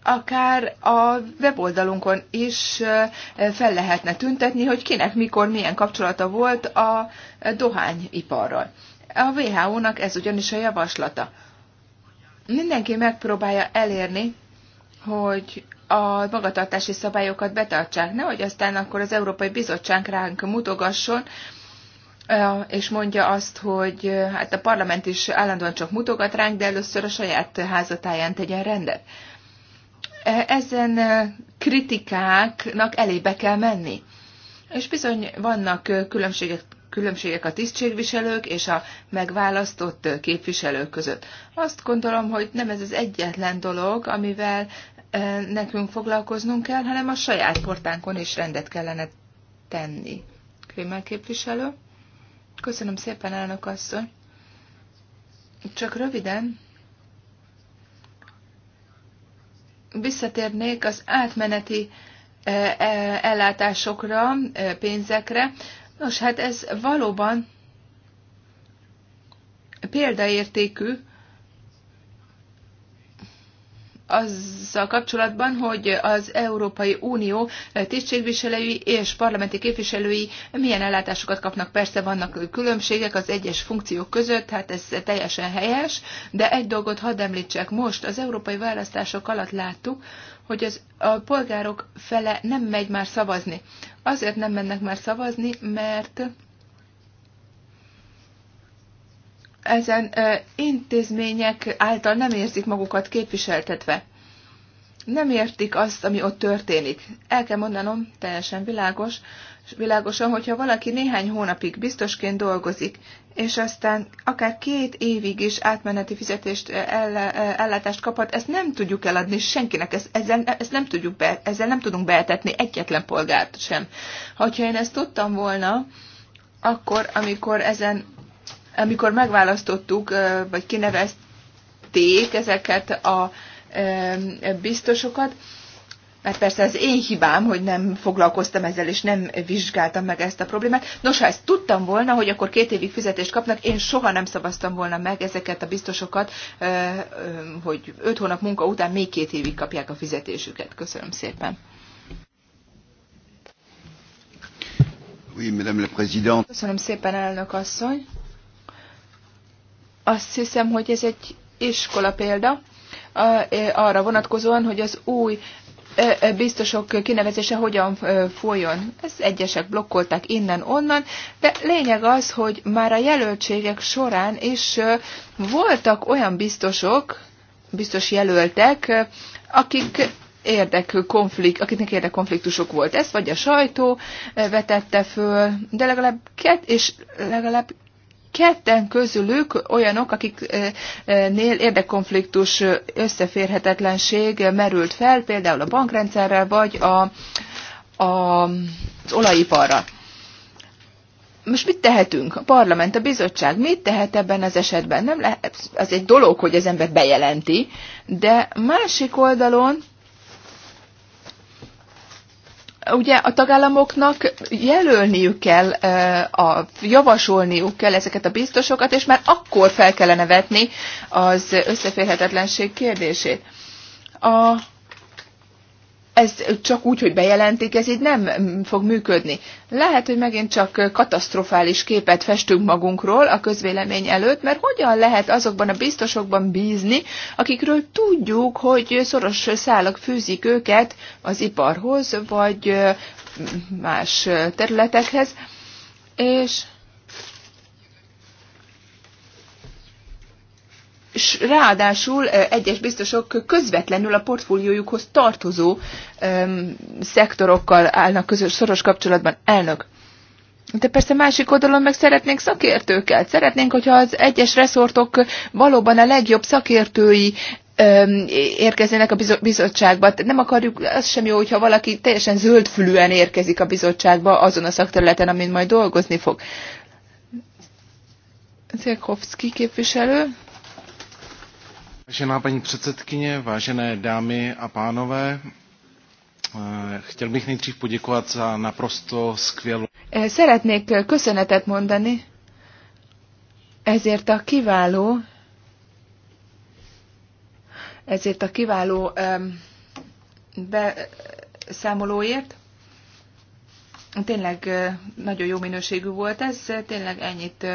akár a weboldalunkon is e, fel lehetne tüntetni, hogy kinek, mikor, milyen kapcsolata volt a dohányiparral. A WHO-nak ez ugyanis a javaslata. Mindenki megpróbálja elérni, hogy a magatartási szabályokat betartsák, nehogy aztán akkor az Európai Bizottság ránk mutogasson, és mondja azt, hogy hát a parlament is állandóan csak mutogat ránk, de először a saját házatáján tegyen rendet. Ezen kritikáknak elébe kell menni. És bizony vannak különbségek, különbségek a tisztségviselők és a megválasztott képviselők között. Azt gondolom, hogy nem ez az egyetlen dolog, amivel nekünk foglalkoznunk kell, hanem a saját portánkon is rendet kellene tenni. Krémel képviselő. Köszönöm szépen, elnök asszony. Csak röviden visszatérnék az átmeneti e, e, ellátásokra, e, pénzekre. Nos, hát ez valóban példaértékű azzal kapcsolatban, hogy az Európai Unió tisztségviselői és parlamenti képviselői milyen ellátásokat kapnak. Persze vannak különbségek az egyes funkciók között, hát ez teljesen helyes, de egy dolgot hadd említsek most. Az európai választások alatt láttuk, hogy az, a polgárok fele nem megy már szavazni. Azért nem mennek már szavazni, mert ezen intézmények által nem érzik magukat képviseltetve. Nem értik azt, ami ott történik. El kell mondanom, teljesen világos, világosan, hogyha valaki néhány hónapig biztosként dolgozik, és aztán akár két évig is átmeneti fizetést, ellátást kaphat, ezt nem tudjuk eladni senkinek, ezt, ezzel, ezt nem tudjuk be, ezzel nem tudunk beetetni egyetlen polgárt sem. Ha én ezt tudtam volna, akkor, amikor ezen amikor megválasztottuk, vagy kinevezték ezeket a biztosokat, mert persze ez én hibám, hogy nem foglalkoztam ezzel, és nem vizsgáltam meg ezt a problémát. Nos, ha ezt tudtam volna, hogy akkor két évig fizetést kapnak, én soha nem szavaztam volna meg ezeket a biztosokat, hogy öt hónap munka után még két évig kapják a fizetésüket. Köszönöm szépen. Madame la Présidente. Köszönöm szépen, elnök asszony. Azt hiszem, hogy ez egy iskola példa e, arra vonatkozóan, hogy az új e, e, biztosok kinevezése hogyan folyjon. Ezt egyesek blokkolták innen-onnan, de lényeg az, hogy már a jelöltségek során is voltak olyan biztosok, biztos jelöltek, akik érdek konflikt, akiknek érdek konfliktusok volt. Ezt vagy a sajtó vetette föl, de legalább, két és legalább ketten közülük olyanok, akiknél érdekkonfliktus összeférhetetlenség merült fel, például a bankrendszerrel vagy a, a, az olajiparra. Most mit tehetünk? A parlament, a bizottság mit tehet ebben az esetben? Nem lehet, az egy dolog, hogy az ember bejelenti, de másik oldalon ugye a tagállamoknak jelölniük kell, a, javasolniuk kell ezeket a biztosokat, és már akkor fel kellene vetni az összeférhetetlenség kérdését. A ez csak úgy, hogy bejelentik, ez így nem fog működni. Lehet, hogy megint csak katasztrofális képet festünk magunkról a közvélemény előtt, mert hogyan lehet azokban a biztosokban bízni, akikről tudjuk, hogy szoros szálak fűzik őket az iparhoz, vagy más területekhez, és és ráadásul egyes biztosok közvetlenül a portfóliójukhoz tartozó öm, szektorokkal állnak közös szoros kapcsolatban. Elnök, de persze másik oldalon meg szeretnénk szakértőket. Szeretnénk, hogyha az egyes reszortok valóban a legjobb szakértői érkeznének a bizottságba. Nem akarjuk, az sem jó, hogyha valaki teljesen zöldfülűen érkezik a bizottságba azon a szakterületen, amin majd dolgozni fog. Zekhovszki képviselő. Vážená paní předsedkyně, vážené dámy a pánové, eh, chtěl bych nejdřív poděkovat za naprosto skvělou. Eh, szeretnék eh, köszönetet mondani ezért a kiváló ezért a kiváló um, beszámolóért tényleg nagyon jó minőségű volt ez, tényleg ennyit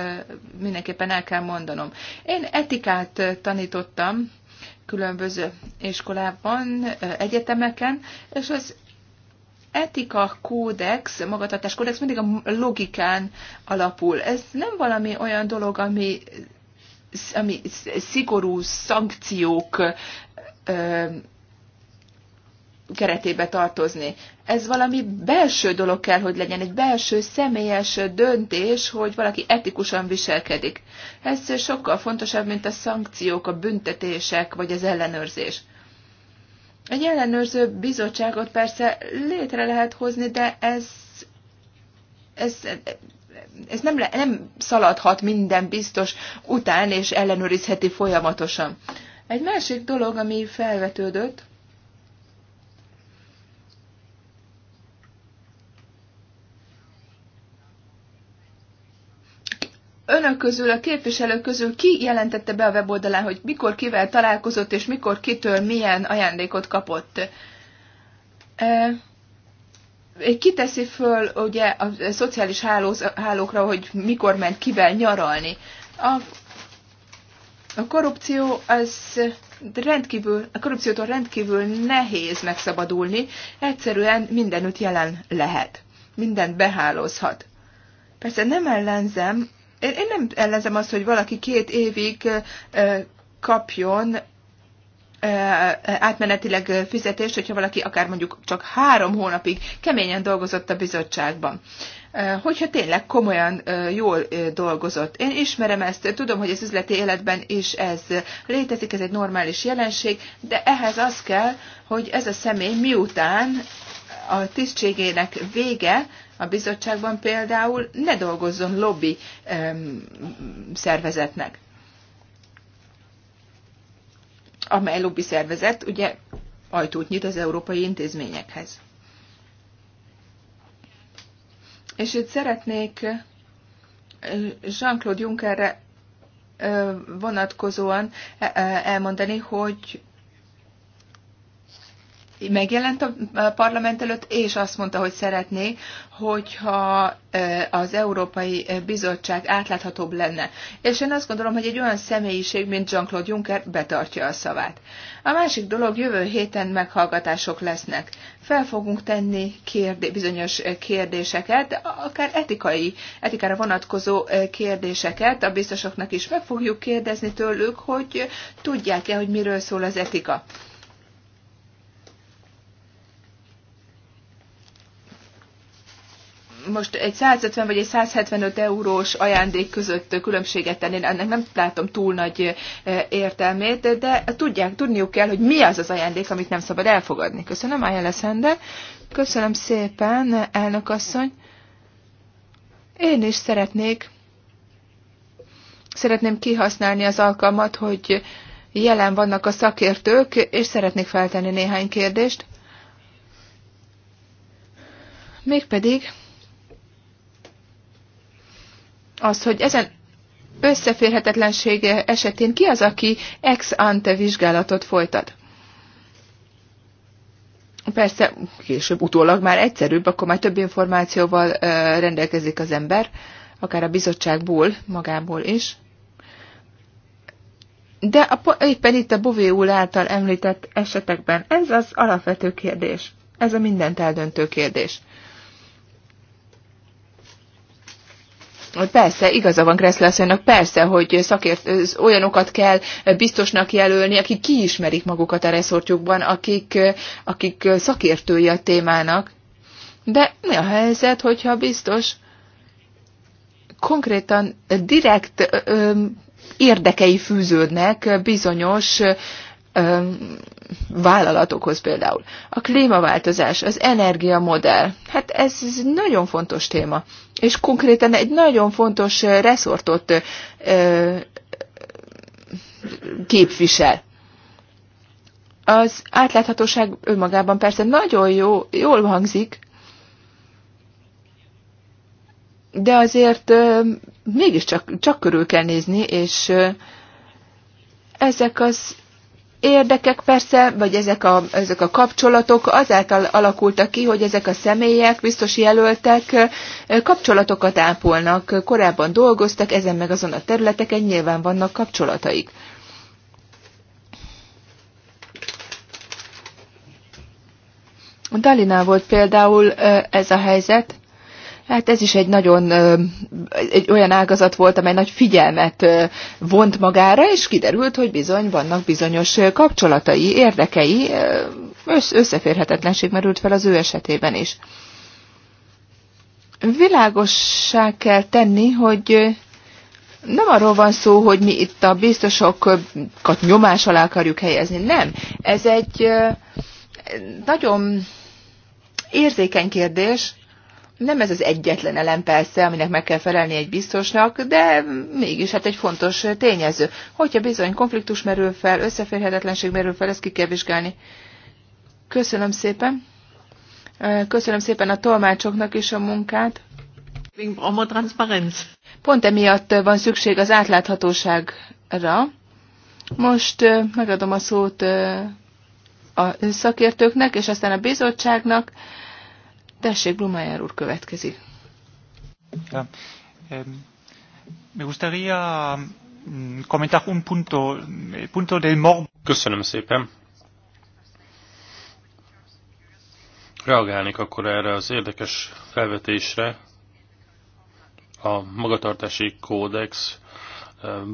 mindenképpen el kell mondanom. Én etikát tanítottam különböző iskolában, egyetemeken, és az etika kódex, magatartás kódex mindig a logikán alapul. Ez nem valami olyan dolog, ami, ami szigorú szankciók keretébe tartozni. Ez valami belső dolog kell, hogy legyen, egy belső személyes döntés, hogy valaki etikusan viselkedik. Ez sokkal fontosabb, mint a szankciók, a büntetések vagy az ellenőrzés. Egy ellenőrző bizottságot persze létre lehet hozni, de ez, ez, ez nem, le, nem szaladhat minden biztos után, és ellenőrizheti folyamatosan. Egy másik dolog, ami felvetődött, önök közül, a képviselők közül ki jelentette be a weboldalán, hogy mikor kivel találkozott, és mikor kitől milyen ajándékot kapott? kiteszi föl ugye a szociális hálóz, hálókra, hogy mikor ment kivel nyaralni. A, a korrupció az rendkívül, a korrupciótól rendkívül nehéz megszabadulni, egyszerűen mindenütt jelen lehet, mindent behálózhat. Persze nem ellenzem én nem ellenzem azt, hogy valaki két évig kapjon átmenetileg fizetést, hogyha valaki akár mondjuk csak három hónapig keményen dolgozott a bizottságban. Hogyha tényleg komolyan jól dolgozott. Én ismerem ezt, tudom, hogy az üzleti életben is ez létezik, ez egy normális jelenség, de ehhez az kell, hogy ez a személy miután a tisztségének vége, a bizottságban például ne dolgozzon lobby szervezetnek. Amely lobby szervezet ugye ajtót nyit az európai intézményekhez. És itt szeretnék Jean-Claude Junckerre vonatkozóan elmondani, hogy megjelent a parlament előtt, és azt mondta, hogy szeretné, hogyha az Európai Bizottság átláthatóbb lenne. És én azt gondolom, hogy egy olyan személyiség, mint Jean-Claude Juncker betartja a szavát. A másik dolog, jövő héten meghallgatások lesznek. Fel fogunk tenni kérdé- bizonyos kérdéseket, akár etikai, etikára vonatkozó kérdéseket, a biztosoknak is meg fogjuk kérdezni tőlük, hogy tudják-e, hogy miről szól az etika. most egy 150 vagy egy 175 eurós ajándék között különbséget tenni, ennek nem látom túl nagy eh, értelmét, de tudják, tudniuk kell, hogy mi az az ajándék, amit nem szabad elfogadni. Köszönöm, Ayala Leszende. Köszönöm szépen, elnök asszony. Én is szeretnék, szeretném kihasználni az alkalmat, hogy jelen vannak a szakértők, és szeretnék feltenni néhány kérdést. Mégpedig az, hogy ezen összeférhetetlensége esetén ki az, aki ex ante vizsgálatot folytat. Persze később utólag már egyszerűbb, akkor már több információval rendelkezik az ember, akár a bizottságból, magából is. De a, éppen itt a Bové úr által említett esetekben ez az alapvető kérdés. Ez a mindent eldöntő kérdés. Persze, igaza van Kresszlászonynak, persze, hogy szakért, olyanokat kell biztosnak jelölni, akik kiismerik magukat a reszortjukban, akik, akik szakértői a témának. De mi a helyzet, hogyha biztos konkrétan direkt ö, érdekei fűződnek bizonyos vállalatokhoz például. A klímaváltozás, az energiamodell, hát ez nagyon fontos téma, és konkrétan egy nagyon fontos reszortot képvisel. Az átláthatóság önmagában persze nagyon jó, jól hangzik, de azért mégiscsak csak körül kell nézni, és ezek az érdekek persze, vagy ezek a, ezek a kapcsolatok azáltal alakultak ki, hogy ezek a személyek, biztos jelöltek kapcsolatokat ápolnak, korábban dolgoztak, ezen meg azon a területeken nyilván vannak kapcsolataik. Dalinál volt például ez a helyzet, Hát ez is egy nagyon egy olyan ágazat volt, amely nagy figyelmet vont magára, és kiderült, hogy bizony vannak bizonyos kapcsolatai, érdekei, összeférhetetlenség merült fel az ő esetében is. Világossá kell tenni, hogy nem arról van szó, hogy mi itt a biztosokat nyomás alá akarjuk helyezni. Nem. Ez egy nagyon érzékeny kérdés, nem ez az egyetlen elem persze, aminek meg kell felelni egy biztosnak, de mégis hát egy fontos tényező. Hogyha bizony konfliktus merül fel, összeférhetetlenség merül fel, ezt ki kell vizsgálni. Köszönöm szépen. Köszönöm szépen a tolmácsoknak is a munkát. Pont emiatt van szükség az átláthatóságra. Most megadom a szót a szakértőknek, és aztán a bizottságnak. Tessék, Blumeyer úr következik. Ja. Me gustaría mm, comentar un punto, punto del morbo. Köszönöm szépen. Reagálnék akkor erre az érdekes felvetésre. A magatartási kódex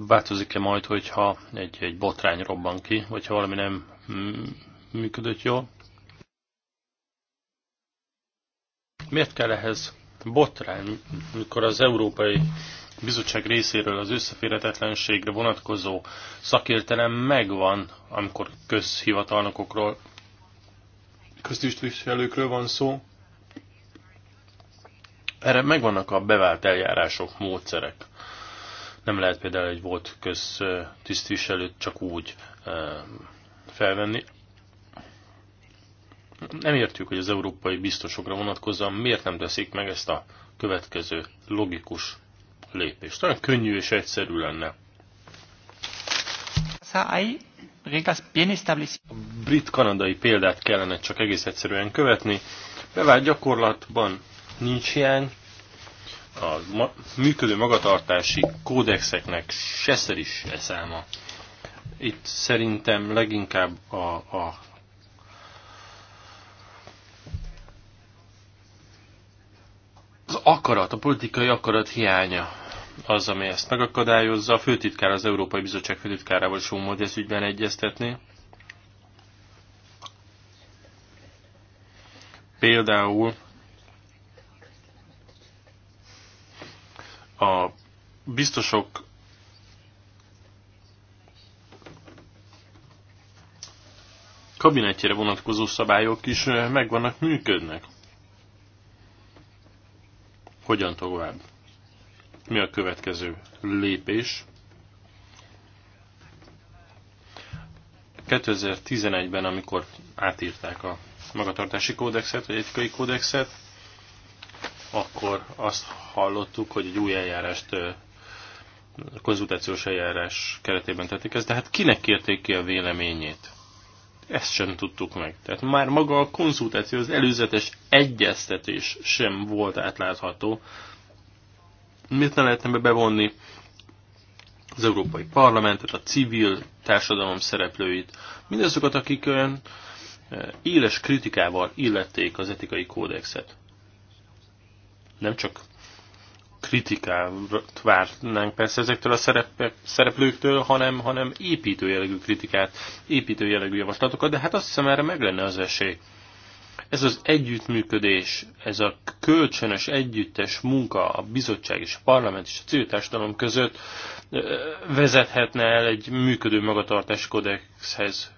változik-e majd, hogyha egy, egy botrány robban ki, vagy ha valami nem mm, működött jól. Miért kell ehhez botrány, mikor az Európai Bizottság részéről az összeférhetetlenségre vonatkozó szakértelem megvan, amikor közhivatalnokokról, köztisztviselőkről van szó? Erre megvannak a bevált eljárások, módszerek. Nem lehet például egy volt köztisztviselőt csak úgy eh, felvenni nem értjük, hogy az európai biztosokra vonatkozóan miért nem teszik meg ezt a következő logikus lépést. Nagyon könnyű és egyszerű lenne. A brit-kanadai példát kellene csak egész egyszerűen követni. Bevált gyakorlatban nincs hiány, a ma működő magatartási kódexeknek se szer is e száma. Itt szerintem leginkább a, a akarat, a politikai akarat hiánya az, ami ezt megakadályozza. A főtitkár az Európai Bizottság főtitkárával is fogunk ezt ügyben egyeztetni. Például a biztosok kabinetjére vonatkozó szabályok is megvannak, működnek. Hogyan tovább? Mi a következő lépés? 2011-ben, amikor átírták a magatartási kódexet, vagy etikai kódexet, akkor azt hallottuk, hogy egy új eljárást, konzultációs eljárás keretében tették ezt, de hát kinek kérték ki a véleményét? Ezt sem tudtuk meg. Tehát már maga a konzultáció, az előzetes egyeztetés sem volt átlátható. Miért ne lehetne be bevonni az Európai Parlamentet, a civil társadalom szereplőit, mindazokat, akik olyan eh, éles kritikával illették az etikai kódexet. Nem csak kritikát várnánk persze ezektől a szerep szereplőktől, hanem, hanem jellegű kritikát, jellegű javaslatokat, de hát azt hiszem erre meg lenne az esély. Ez az együttműködés, ez a kölcsönös együttes munka a bizottság és a parlament és a civil társadalom között vezethetne el egy működő magatartás kodexhez.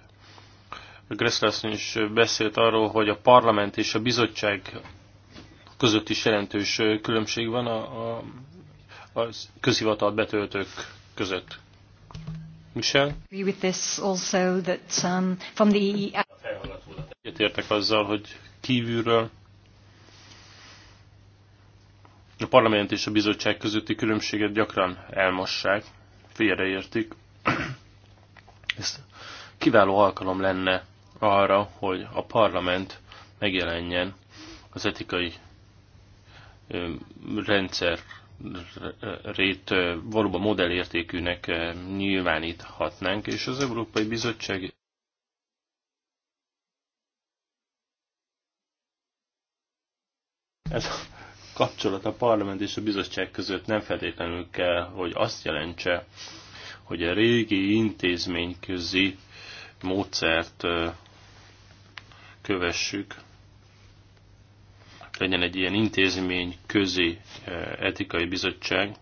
Gressler is beszélt arról, hogy a parlament és a bizottság között is jelentős különbség van a, a, a közhivatalt betöltők között. Michel? Um, e e Értek azzal, hogy kívülről a parlament és a bizottság közötti különbséget gyakran elmossák, félreértik. Ez kiváló alkalom lenne arra, hogy a parlament megjelenjen az etikai rendszerét valóban modellértékűnek nyilváníthatnánk, és az Európai Bizottság ez a kapcsolat a parlament és a bizottság között nem feltétlenül kell, hogy azt jelentse, hogy a régi intézményközi módszert kövessük, legyen egy ilyen intézmény közi eh, etikai bizottság,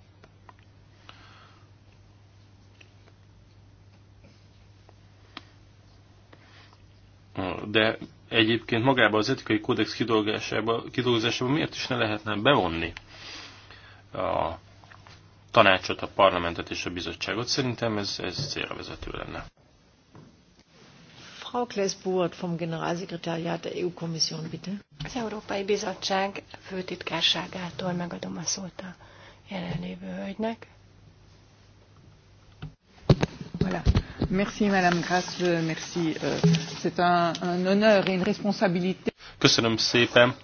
de egyébként magában az etikai kódex kidolgozásában miért is ne lehetne bevonni a tanácsot, a parlamentet és a bizottságot? Szerintem ez, ez célra vezető lenne. Frau Klesburg vom Generalsekretariat der EU-Kommission, bitte. Az Európai Bizottság főtitkárságától megadom a szót a jelenlévő hölgynek. Voilà. Merci Madame Grasse, euh, merci. Euh, c'est un, un honneur et une responsabilité. Köszönöm szépen.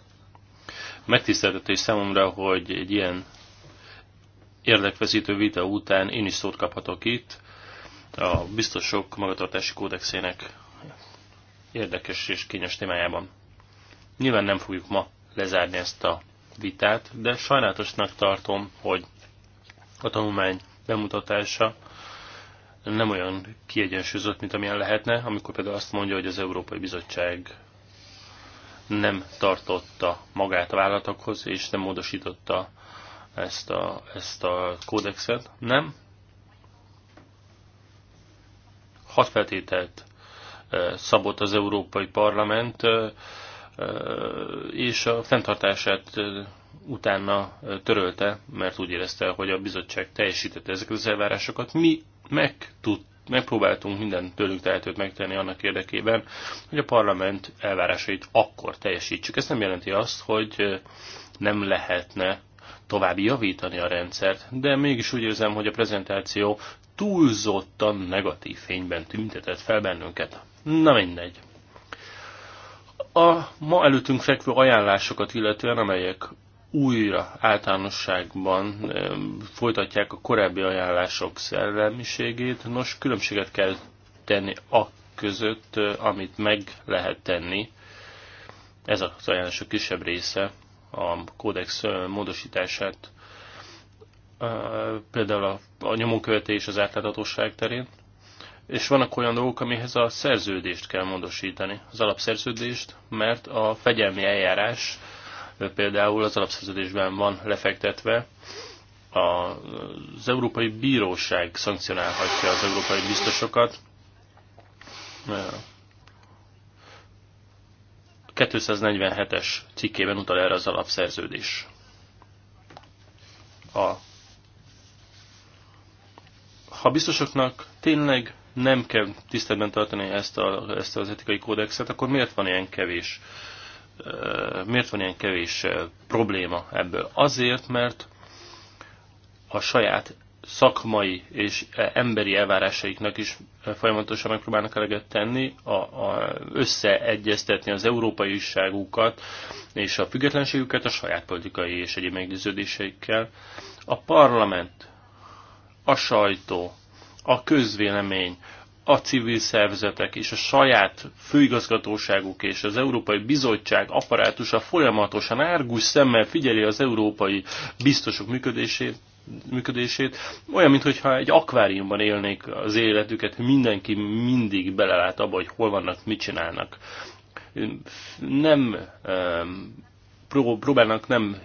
Megtiszteltetés számomra, hogy egy ilyen érdekvezítő vita után én is szót kaphatok itt a biztosok magatartási kódexének érdekes és kényes témájában. Nyilván nem fogjuk ma lezárni ezt a vitát, de sajnálatosnak tartom, hogy a tanulmány bemutatása nem olyan kiegyensúlyozott, mint amilyen lehetne, amikor például azt mondja, hogy az Európai Bizottság nem tartotta magát a vállalatokhoz, és nem módosította ezt a, ezt a kódexet. Nem. Hat feltételt szabott az Európai Parlament, és a fenntartását utána törölte, mert úgy érezte, hogy a bizottság teljesítette ezeket az elvárásokat. Mi meg tud, megpróbáltunk minden tőlünk tehetőt megtenni annak érdekében, hogy a parlament elvárásait akkor teljesítsük. Ez nem jelenti azt, hogy nem lehetne tovább javítani a rendszert, de mégis úgy érzem, hogy a prezentáció túlzottan negatív fényben tüntetett fel bennünket. Na mindegy. A ma előttünk fekvő ajánlásokat illetően, amelyek újra általánosságban folytatják a korábbi ajánlások szellemiségét, nos, különbséget kell tenni a között, amit meg lehet tenni. Ez az ajánlások kisebb része a kódex módosítását, például a, a nyomonkövetés az átláthatóság terén, és vannak olyan dolgok, amihez a szerződést kell módosítani, az alapszerződést, mert a fegyelmi eljárás például az alapszerződésben van lefektetve, az Európai Bíróság szankcionálhatja az európai biztosokat. 247-es cikkében utal erre az alapszerződés. A ha biztosoknak tényleg nem kell tiszteletben tartani ezt, a, ezt az etikai kódexet, akkor miért van ilyen kevés miért van ilyen kevés probléma ebből? Azért, mert a saját szakmai és e, emberi elvárásaiknak is e, folyamatosan megpróbálnak eleget tenni, a, a, összeegyeztetni az európai újságukat és a függetlenségüket a saját politikai és egyéb meggyőződéseikkel. A parlament, a sajtó, a közvélemény, a civil szervezetek és a saját főigazgatóságuk és az Európai Bizottság apparátusa folyamatosan árgus szemmel figyeli az európai biztosok működését, működését, olyan, mintha egy akváriumban élnék az életüket, mindenki mindig belelát abba, hogy hol vannak, mit csinálnak. Nem próbálnak nem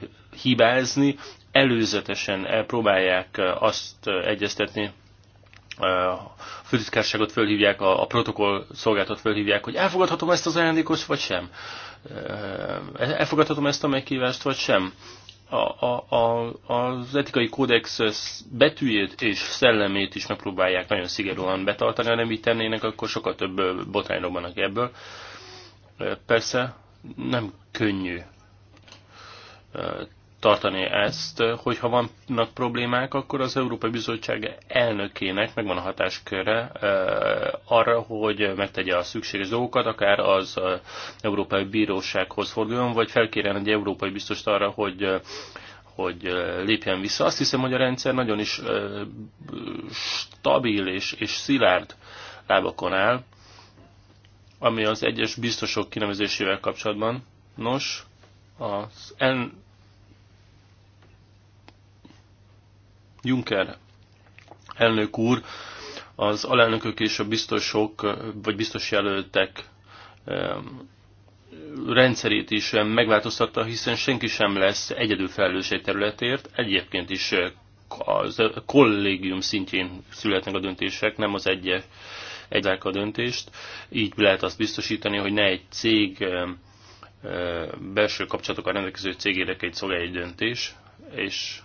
hibázni, előzetesen próbálják eh, azt eh, egyeztetni, a főtitkárságot fölhívják, a, a protokoll szolgáltat fölhívják, hogy elfogadhatom ezt az ajándékot, vagy sem. Elfogadhatom ezt a meghívást, vagy sem. A, a, a, az etikai kódex betűjét és szellemét is megpróbálják nagyon szigorúan betartani, ha nem így tennének, akkor sokkal több botrány robbanak ebből. Persze nem könnyű tartani ezt, hogyha vannak problémák, akkor az Európai Bizottság elnökének megvan a hatásköre eh, arra, hogy megtegye a szükséges dolgokat, akár az eh, Európai Bírósághoz forduljon, vagy felkérjen egy európai biztost arra, hogy eh, hogy lépjen vissza. Azt hiszem, hogy a rendszer nagyon is stabil és, és szilárd lábakon áll, ami az egyes biztosok kinevezésével kapcsolatban. Nos, az en Juncker elnök úr az alelnökök és a biztosok, vagy biztos jelöltek rendszerét is megváltoztatta, hiszen senki sem lesz egyedül felelős egy területért, egyébként is eh, az kollégium szintjén születnek a döntések, nem az egy, egyek a döntést. Így lehet azt biztosítani, hogy ne egy cég belső kapcsolatokkal rendelkező cég érdekeit szolgálja egy döntés, és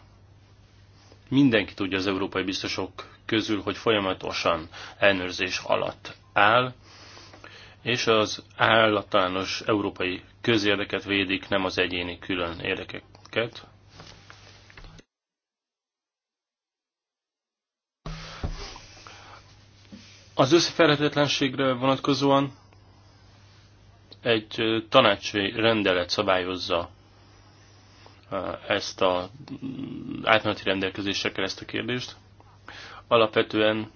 Mindenki tudja az európai biztosok közül, hogy folyamatosan ellenőrzés alatt áll, és az állatános európai közérdeket védik, nem az egyéni külön érdekeket. Az összeférhetetlenségre vonatkozóan egy tanácsi rendelet szabályozza ezt a mm, átmeneti rendelkezésekkel ezt a kérdést. Alapvetően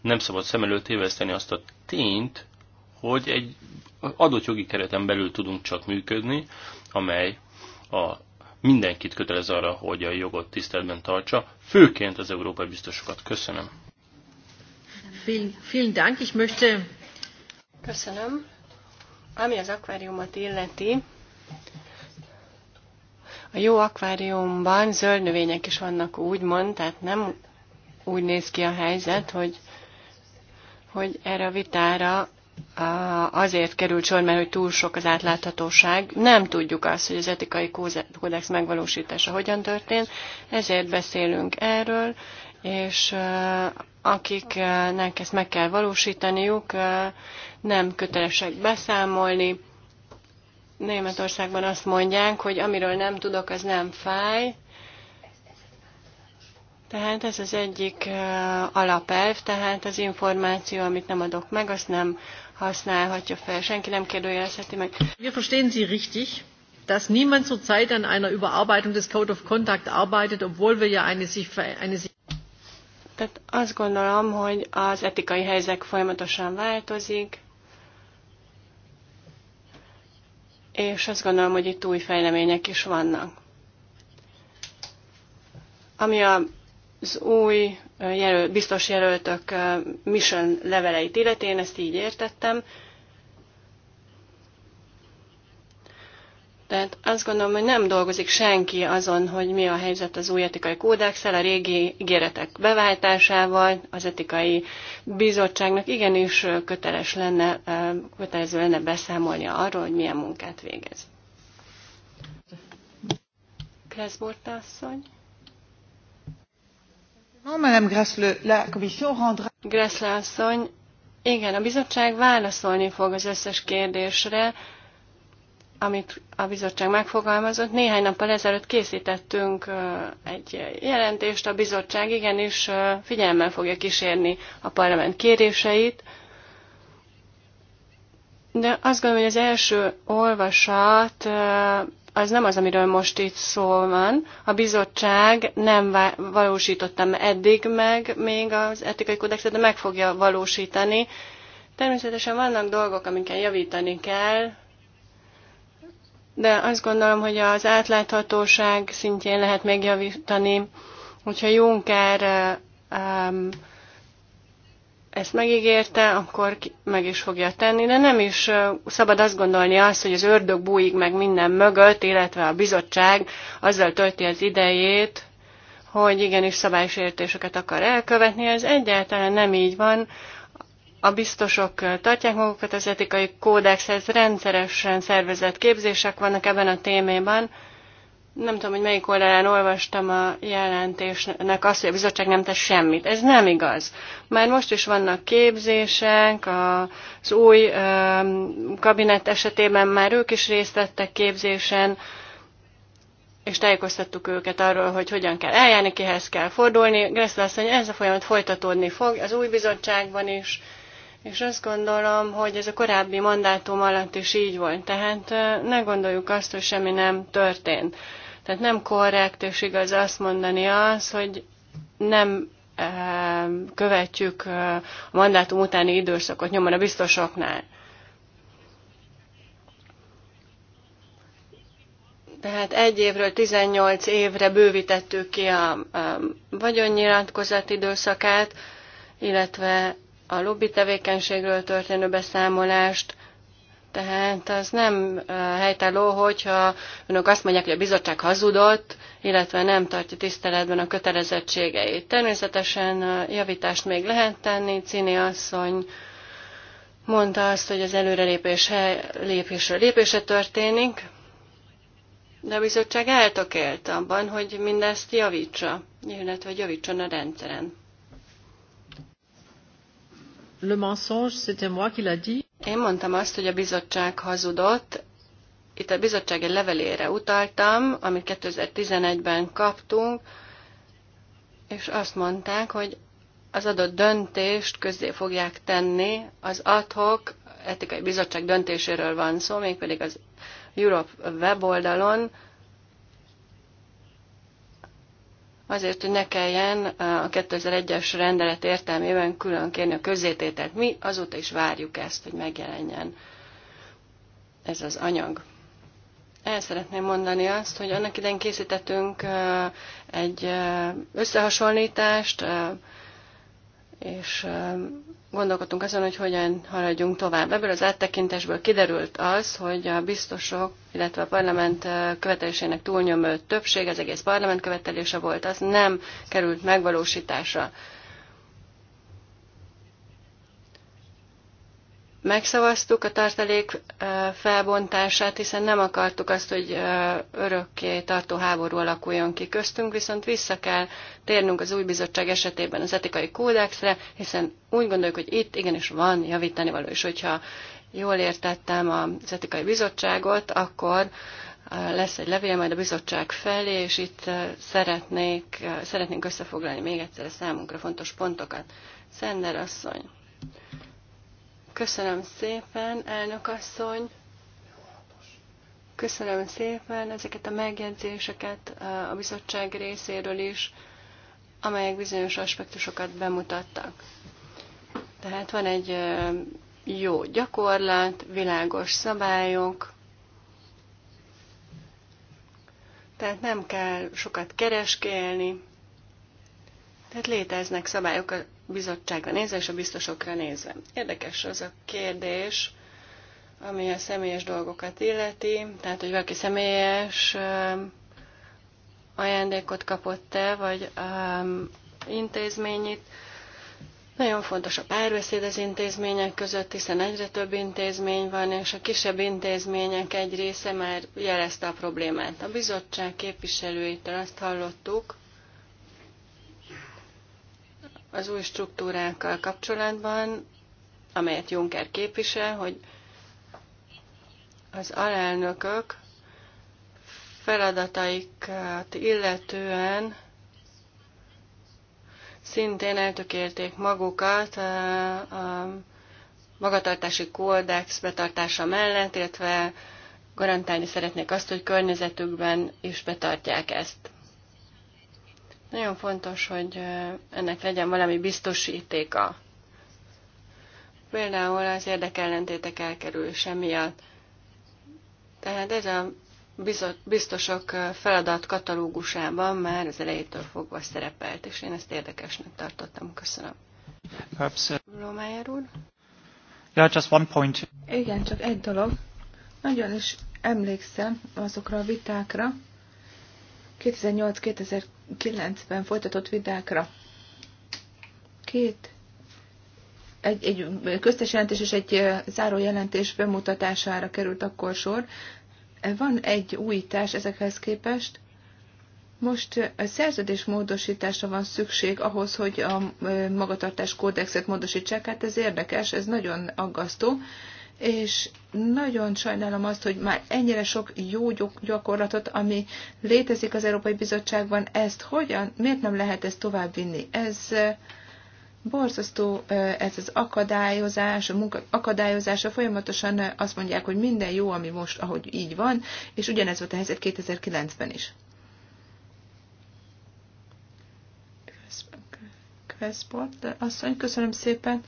nem szabad szem előtt téveszteni azt a tényt, hogy egy adott jogi kereten belül tudunk csak működni, amely a mindenkit kötelez arra, hogy a jogot tiszteletben tartsa, főként az európai biztosokat. Köszönöm. Vielen Dank, ich möchte... Köszönöm. Ami az akváriumot illeti, a jó akváriumban zöld növények is vannak úgymond, tehát nem úgy néz ki a helyzet, hogy, hogy erre a vitára azért került sor, mert hogy túl sok az átláthatóság. Nem tudjuk azt, hogy az etikai kódex megvalósítása hogyan történt, ezért beszélünk erről, és akiknek ezt meg kell valósítaniuk, nem kötelesek beszámolni, Németországban azt mondják, hogy amiről nem tudok, az nem fáj. Tehát ez az egyik alapelv, tehát az információ, amit nem adok meg, azt nem használhatja fel. Senki nem kérdőjelezheti meg. Wir verstehen Sie richtig, dass niemand zurzeit an einer Überarbeitung des Code of Conduct arbeitet, obwohl wir ja eine sich eine Tehát azt gondolom, hogy az etikai helyzet folyamatosan változik, és azt gondolom, hogy itt új fejlemények is vannak. Ami az új jelöl, biztos jelöltök mission leveleit illeti, én ezt így értettem, Tehát azt gondolom, hogy nem dolgozik senki azon, hogy mi a helyzet az új etikai kódexel, a régi ígéretek beváltásával, az etikai bizottságnak igenis köteles lenne, kötelező lenne beszámolnia arról, hogy milyen munkát végez. Kreszbort Madame Gressle asszony, igen, a bizottság válaszolni fog az összes kérdésre, amit a bizottság megfogalmazott. Néhány nappal ezelőtt készítettünk egy jelentést, a bizottság igenis figyelemmel fogja kísérni a parlament kéréseit, de azt gondolom, hogy az első olvasat az nem az, amiről most itt szó van. A bizottság nem valósította eddig meg még az etikai kódexet, de meg fogja valósítani. Természetesen vannak dolgok, amiket javítani kell, de azt gondolom, hogy az átláthatóság szintjén lehet megjavítani, hogyha Juncker um, ezt megígérte, akkor meg is fogja tenni, de nem is szabad azt gondolni azt, hogy az ördög bújik meg minden mögött, illetve a bizottság azzal tölti az idejét, hogy igenis szabálysértéseket akar elkövetni, ez egyáltalán nem így van a biztosok tartják magukat az etikai kódexhez, rendszeresen szervezett képzések vannak ebben a témában. Nem tudom, hogy melyik oldalán olvastam a jelentésnek azt, hogy a bizottság nem tesz semmit. Ez nem igaz. Már most is vannak képzések, az új kabinet esetében már ők is részt vettek képzésen, és tájékoztattuk őket arról, hogy hogyan kell eljárni, kihez kell fordulni. Gressler azt mondja, ez a folyamat folytatódni fog az új bizottságban is, és azt gondolom, hogy ez a korábbi mandátum alatt is így volt. Tehát ne gondoljuk azt, hogy semmi nem történt. Tehát nem korrekt és igaz azt mondani az, hogy nem követjük a mandátum utáni időszakot nyomon a biztosoknál. Tehát egy évről 18 évre bővítettük ki a, a vagyonnyilatkozat időszakát, illetve a lobby tevékenységről történő beszámolást, tehát az nem helytálló, hogyha önök azt mondják, hogy a bizottság hazudott, illetve nem tartja tiszteletben a kötelezettségeit. Természetesen javítást még lehet tenni. Cini asszony mondta azt, hogy az előrelépés lépésről lépésre történik, de a bizottság eltökélt abban, hogy mindezt javítsa, illetve javítson a rendszeren le mensonge, c'était moi qui l'a dit. Én mondtam azt, hogy a bizottság hazudott. Itt a bizottság egy levelére utaltam, amit 2011-ben kaptunk, és azt mondták, hogy az adott döntést közzé fogják tenni. Az adhok etikai bizottság döntéséről van szó, mégpedig az Europe weboldalon, azért, hogy ne kelljen a 2001-es rendelet értelmében külön kérni a közzétételt. Mi azóta is várjuk ezt, hogy megjelenjen ez az anyag. El szeretném mondani azt, hogy annak idején készítettünk egy összehasonlítást, és gondolkodtunk azon, hogy hogyan haladjunk tovább. Ebből az áttekintésből kiderült az, hogy a biztosok, illetve a parlament követelésének túlnyomó többség, az egész parlament követelése volt, az nem került megvalósításra. megszavaztuk a tartalék felbontását, hiszen nem akartuk azt, hogy örökké tartó háború alakuljon ki köztünk, viszont vissza kell térnünk az új bizottság esetében az etikai kódexre, hiszen úgy gondoljuk, hogy itt igenis van javítani való, és hogyha jól értettem az etikai bizottságot, akkor lesz egy levél majd a bizottság felé, és itt szeretnék, szeretnénk összefoglalni még egyszer a számunkra fontos pontokat. Szender asszony. Köszönöm szépen, elnök asszony. Köszönöm szépen ezeket a megjegyzéseket eh, a bizottság részéről is, amelyek bizonyos aspektusokat bemutattak. Tehát van egy eh, jó gyakorlat, világos szabályok, tehát nem kell sokat kereskélni, tehát léteznek szabályok bizottságra nézve és a biztosokra nézve. Érdekes az a kérdés, ami a személyes dolgokat illeti, tehát hogy valaki személyes ajándékot kapott-e, vagy um, intézményit. Nagyon fontos a párbeszéd az intézmények között, hiszen egyre több intézmény van, és a kisebb intézmények egy része már jelezte a problémát. A bizottság képviselőitől azt hallottuk, az új struktúrákkal kapcsolatban, amelyet Juncker képvisel, hogy az alelnökök feladataikat illetően szintén eltökérték magukat a magatartási kódex betartása mellett, illetve garantálni szeretnék azt, hogy környezetükben is betartják ezt. Nagyon fontos, hogy ennek legyen valami biztosítéka. Például az érdekellentétek elkerülése miatt. Tehát ez a biztosok feladat katalógusában már az elejétől fogva szerepelt, és én ezt érdekesnek tartottam. Köszönöm. Lomájer úr? Yeah, just one point. Igen, csak egy dolog. Nagyon is emlékszem azokra a vitákra, 2008 2000 2009-ben folytatott vidákra Két egy, egy köztes jelentés és egy záró jelentés bemutatására került akkor sor. Van egy újítás ezekhez képest. Most a szerződés módosításra van szükség ahhoz, hogy a magatartás kódexet módosítsák. Hát ez érdekes, ez nagyon aggasztó és nagyon sajnálom azt, hogy már ennyire sok jó gyakorlatot, ami létezik az Európai Bizottságban, ezt hogyan, miért nem lehet ezt továbbvinni? Ez borzasztó, ez az akadályozás, a munka akadályozása folyamatosan azt mondják, hogy minden jó, ami most, ahogy így van, és ugyanez volt a helyzet 2009-ben is. köszönöm szépen.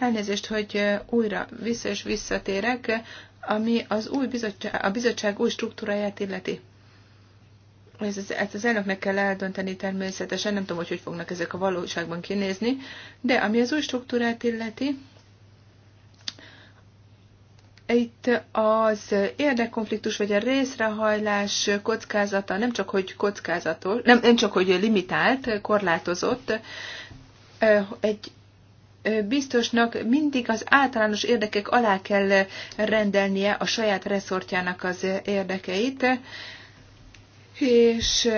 Elnézést, hogy újra vissza és visszatérek, ami az új bizottság, a bizottság új struktúráját illeti. Ezt, ezt az elnöknek kell eldönteni természetesen, nem tudom, hogy hogy fognak ezek a valóságban kinézni, de ami az új struktúrát illeti, itt az érdekkonfliktus vagy a részrehajlás kockázata nem csak, hogy kockázatos, nem, nem csak, hogy limitált, korlátozott, egy biztosnak mindig az általános érdekek alá kell rendelnie a saját reszortjának az érdekeit, és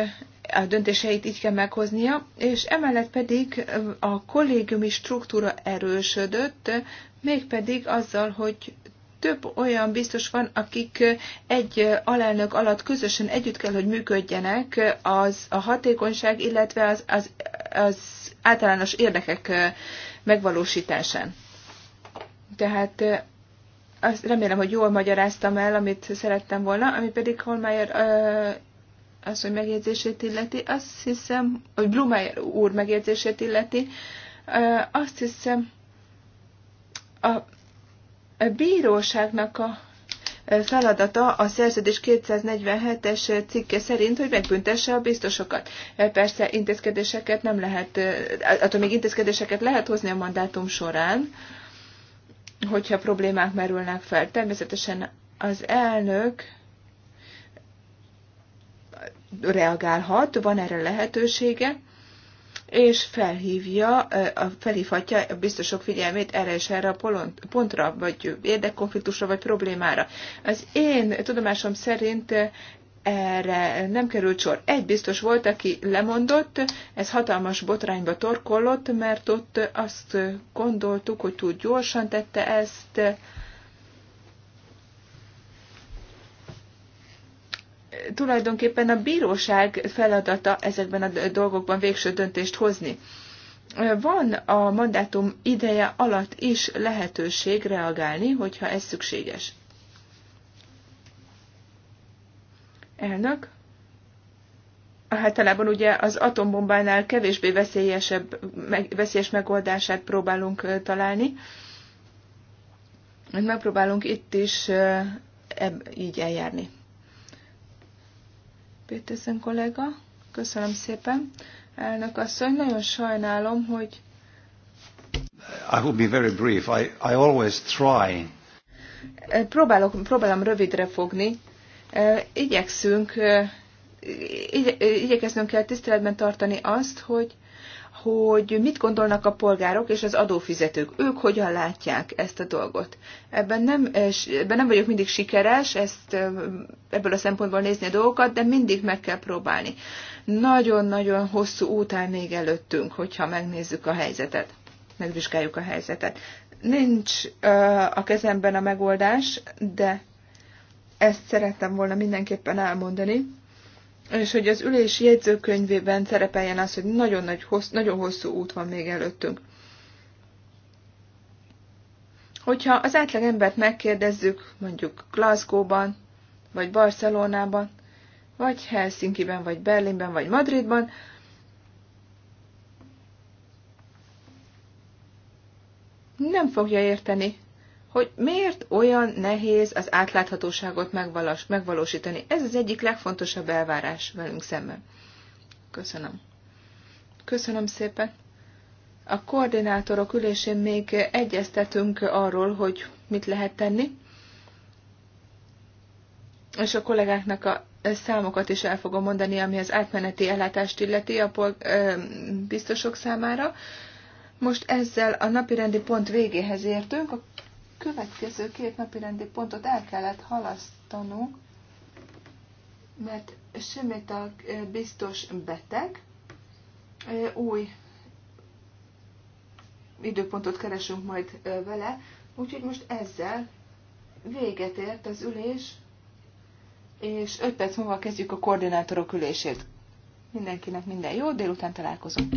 a döntéseit így kell meghoznia, és emellett pedig a kollégiumi struktúra erősödött, mégpedig azzal, hogy több olyan biztos van, akik egy alelnök alatt közösen együtt kell, hogy működjenek az a hatékonyság, illetve az, az, az általános érdekek megvalósításán. Tehát azt remélem, hogy jól magyaráztam el, amit szerettem volna, ami pedig Holmeyer az, hogy megjegyzését illeti, azt hiszem, hogy Blumeyer úr megjegyzését illeti, azt hiszem, a bíróságnak a feladata a szerződés 247-es cikke szerint, hogy megbüntesse a biztosokat. E, persze intézkedéseket nem lehet, e, attól még intézkedéseket lehet hozni a mandátum során, hogyha problémák merülnek fel. Természetesen az elnök reagálhat, van erre lehetősége, és felhívja, felhívhatja a biztosok figyelmét erre és erre a pontra, vagy érdekkonfliktusra, vagy problémára. Az én tudomásom szerint erre nem került sor. Egy biztos volt, aki lemondott, ez hatalmas botrányba torkollott, mert ott azt gondoltuk, hogy túl gyorsan tette ezt, tulajdonképpen a bíróság feladata ezekben a dolgokban végső döntést hozni. Van a mandátum ideje alatt is lehetőség reagálni, hogyha ez szükséges. Elnök? Általában ugye az atombombánál kevésbé veszélyesebb, meg, veszélyes megoldását próbálunk találni. Megpróbálunk itt is eb, így eljárni. Pétersen kollega. Köszönöm szépen. Elnök asszony, nagyon sajnálom, hogy... I will be very brief. I, I always try. Eh, próbálok, próbálom rövidre fogni. Eh, igyekszünk, eh, igye, igyekeznünk kell tiszteletben tartani azt, hogy hogy mit gondolnak a polgárok és az adófizetők. Ők hogyan látják ezt a dolgot. Ebben nem, eh, ebben nem vagyok mindig sikeres, ezt eh, ebből a szempontból nézni a dolgokat, de mindig meg kell próbálni. Nagyon-nagyon hosszú út áll még előttünk, hogyha megnézzük a helyzetet, megvizsgáljuk a helyzetet. Nincs eh, a kezemben a megoldás, de ezt szerettem volna mindenképpen elmondani és hogy az ülés jegyzőkönyvében szerepeljen az, hogy nagyon, nagy, hossz, nagyon hosszú út van még előttünk. Hogyha az átlag embert megkérdezzük, mondjuk Glasgow-ban, vagy Barcelonában, vagy Helsinki-ben, vagy Berlinben, vagy Madridban, nem fogja érteni, hogy miért olyan nehéz az átláthatóságot megvalósítani. Ez az egyik legfontosabb elvárás velünk szemben. Köszönöm. Köszönöm szépen. A koordinátorok ülésén még egyeztetünk arról, hogy mit lehet tenni, és a kollégáknak a számokat is el fogom mondani, ami az átmeneti ellátást illeti a pol- biztosok számára. Most ezzel a napirendi pont végéhez értünk, a következő két napi rendi pontot el kellett halasztanunk, mert a e, biztos beteg, e, új időpontot keresünk majd e, vele, úgyhogy most ezzel véget ért az ülés, és 5 perc múlva kezdjük a koordinátorok ülését. Mindenkinek minden jó, délután találkozunk.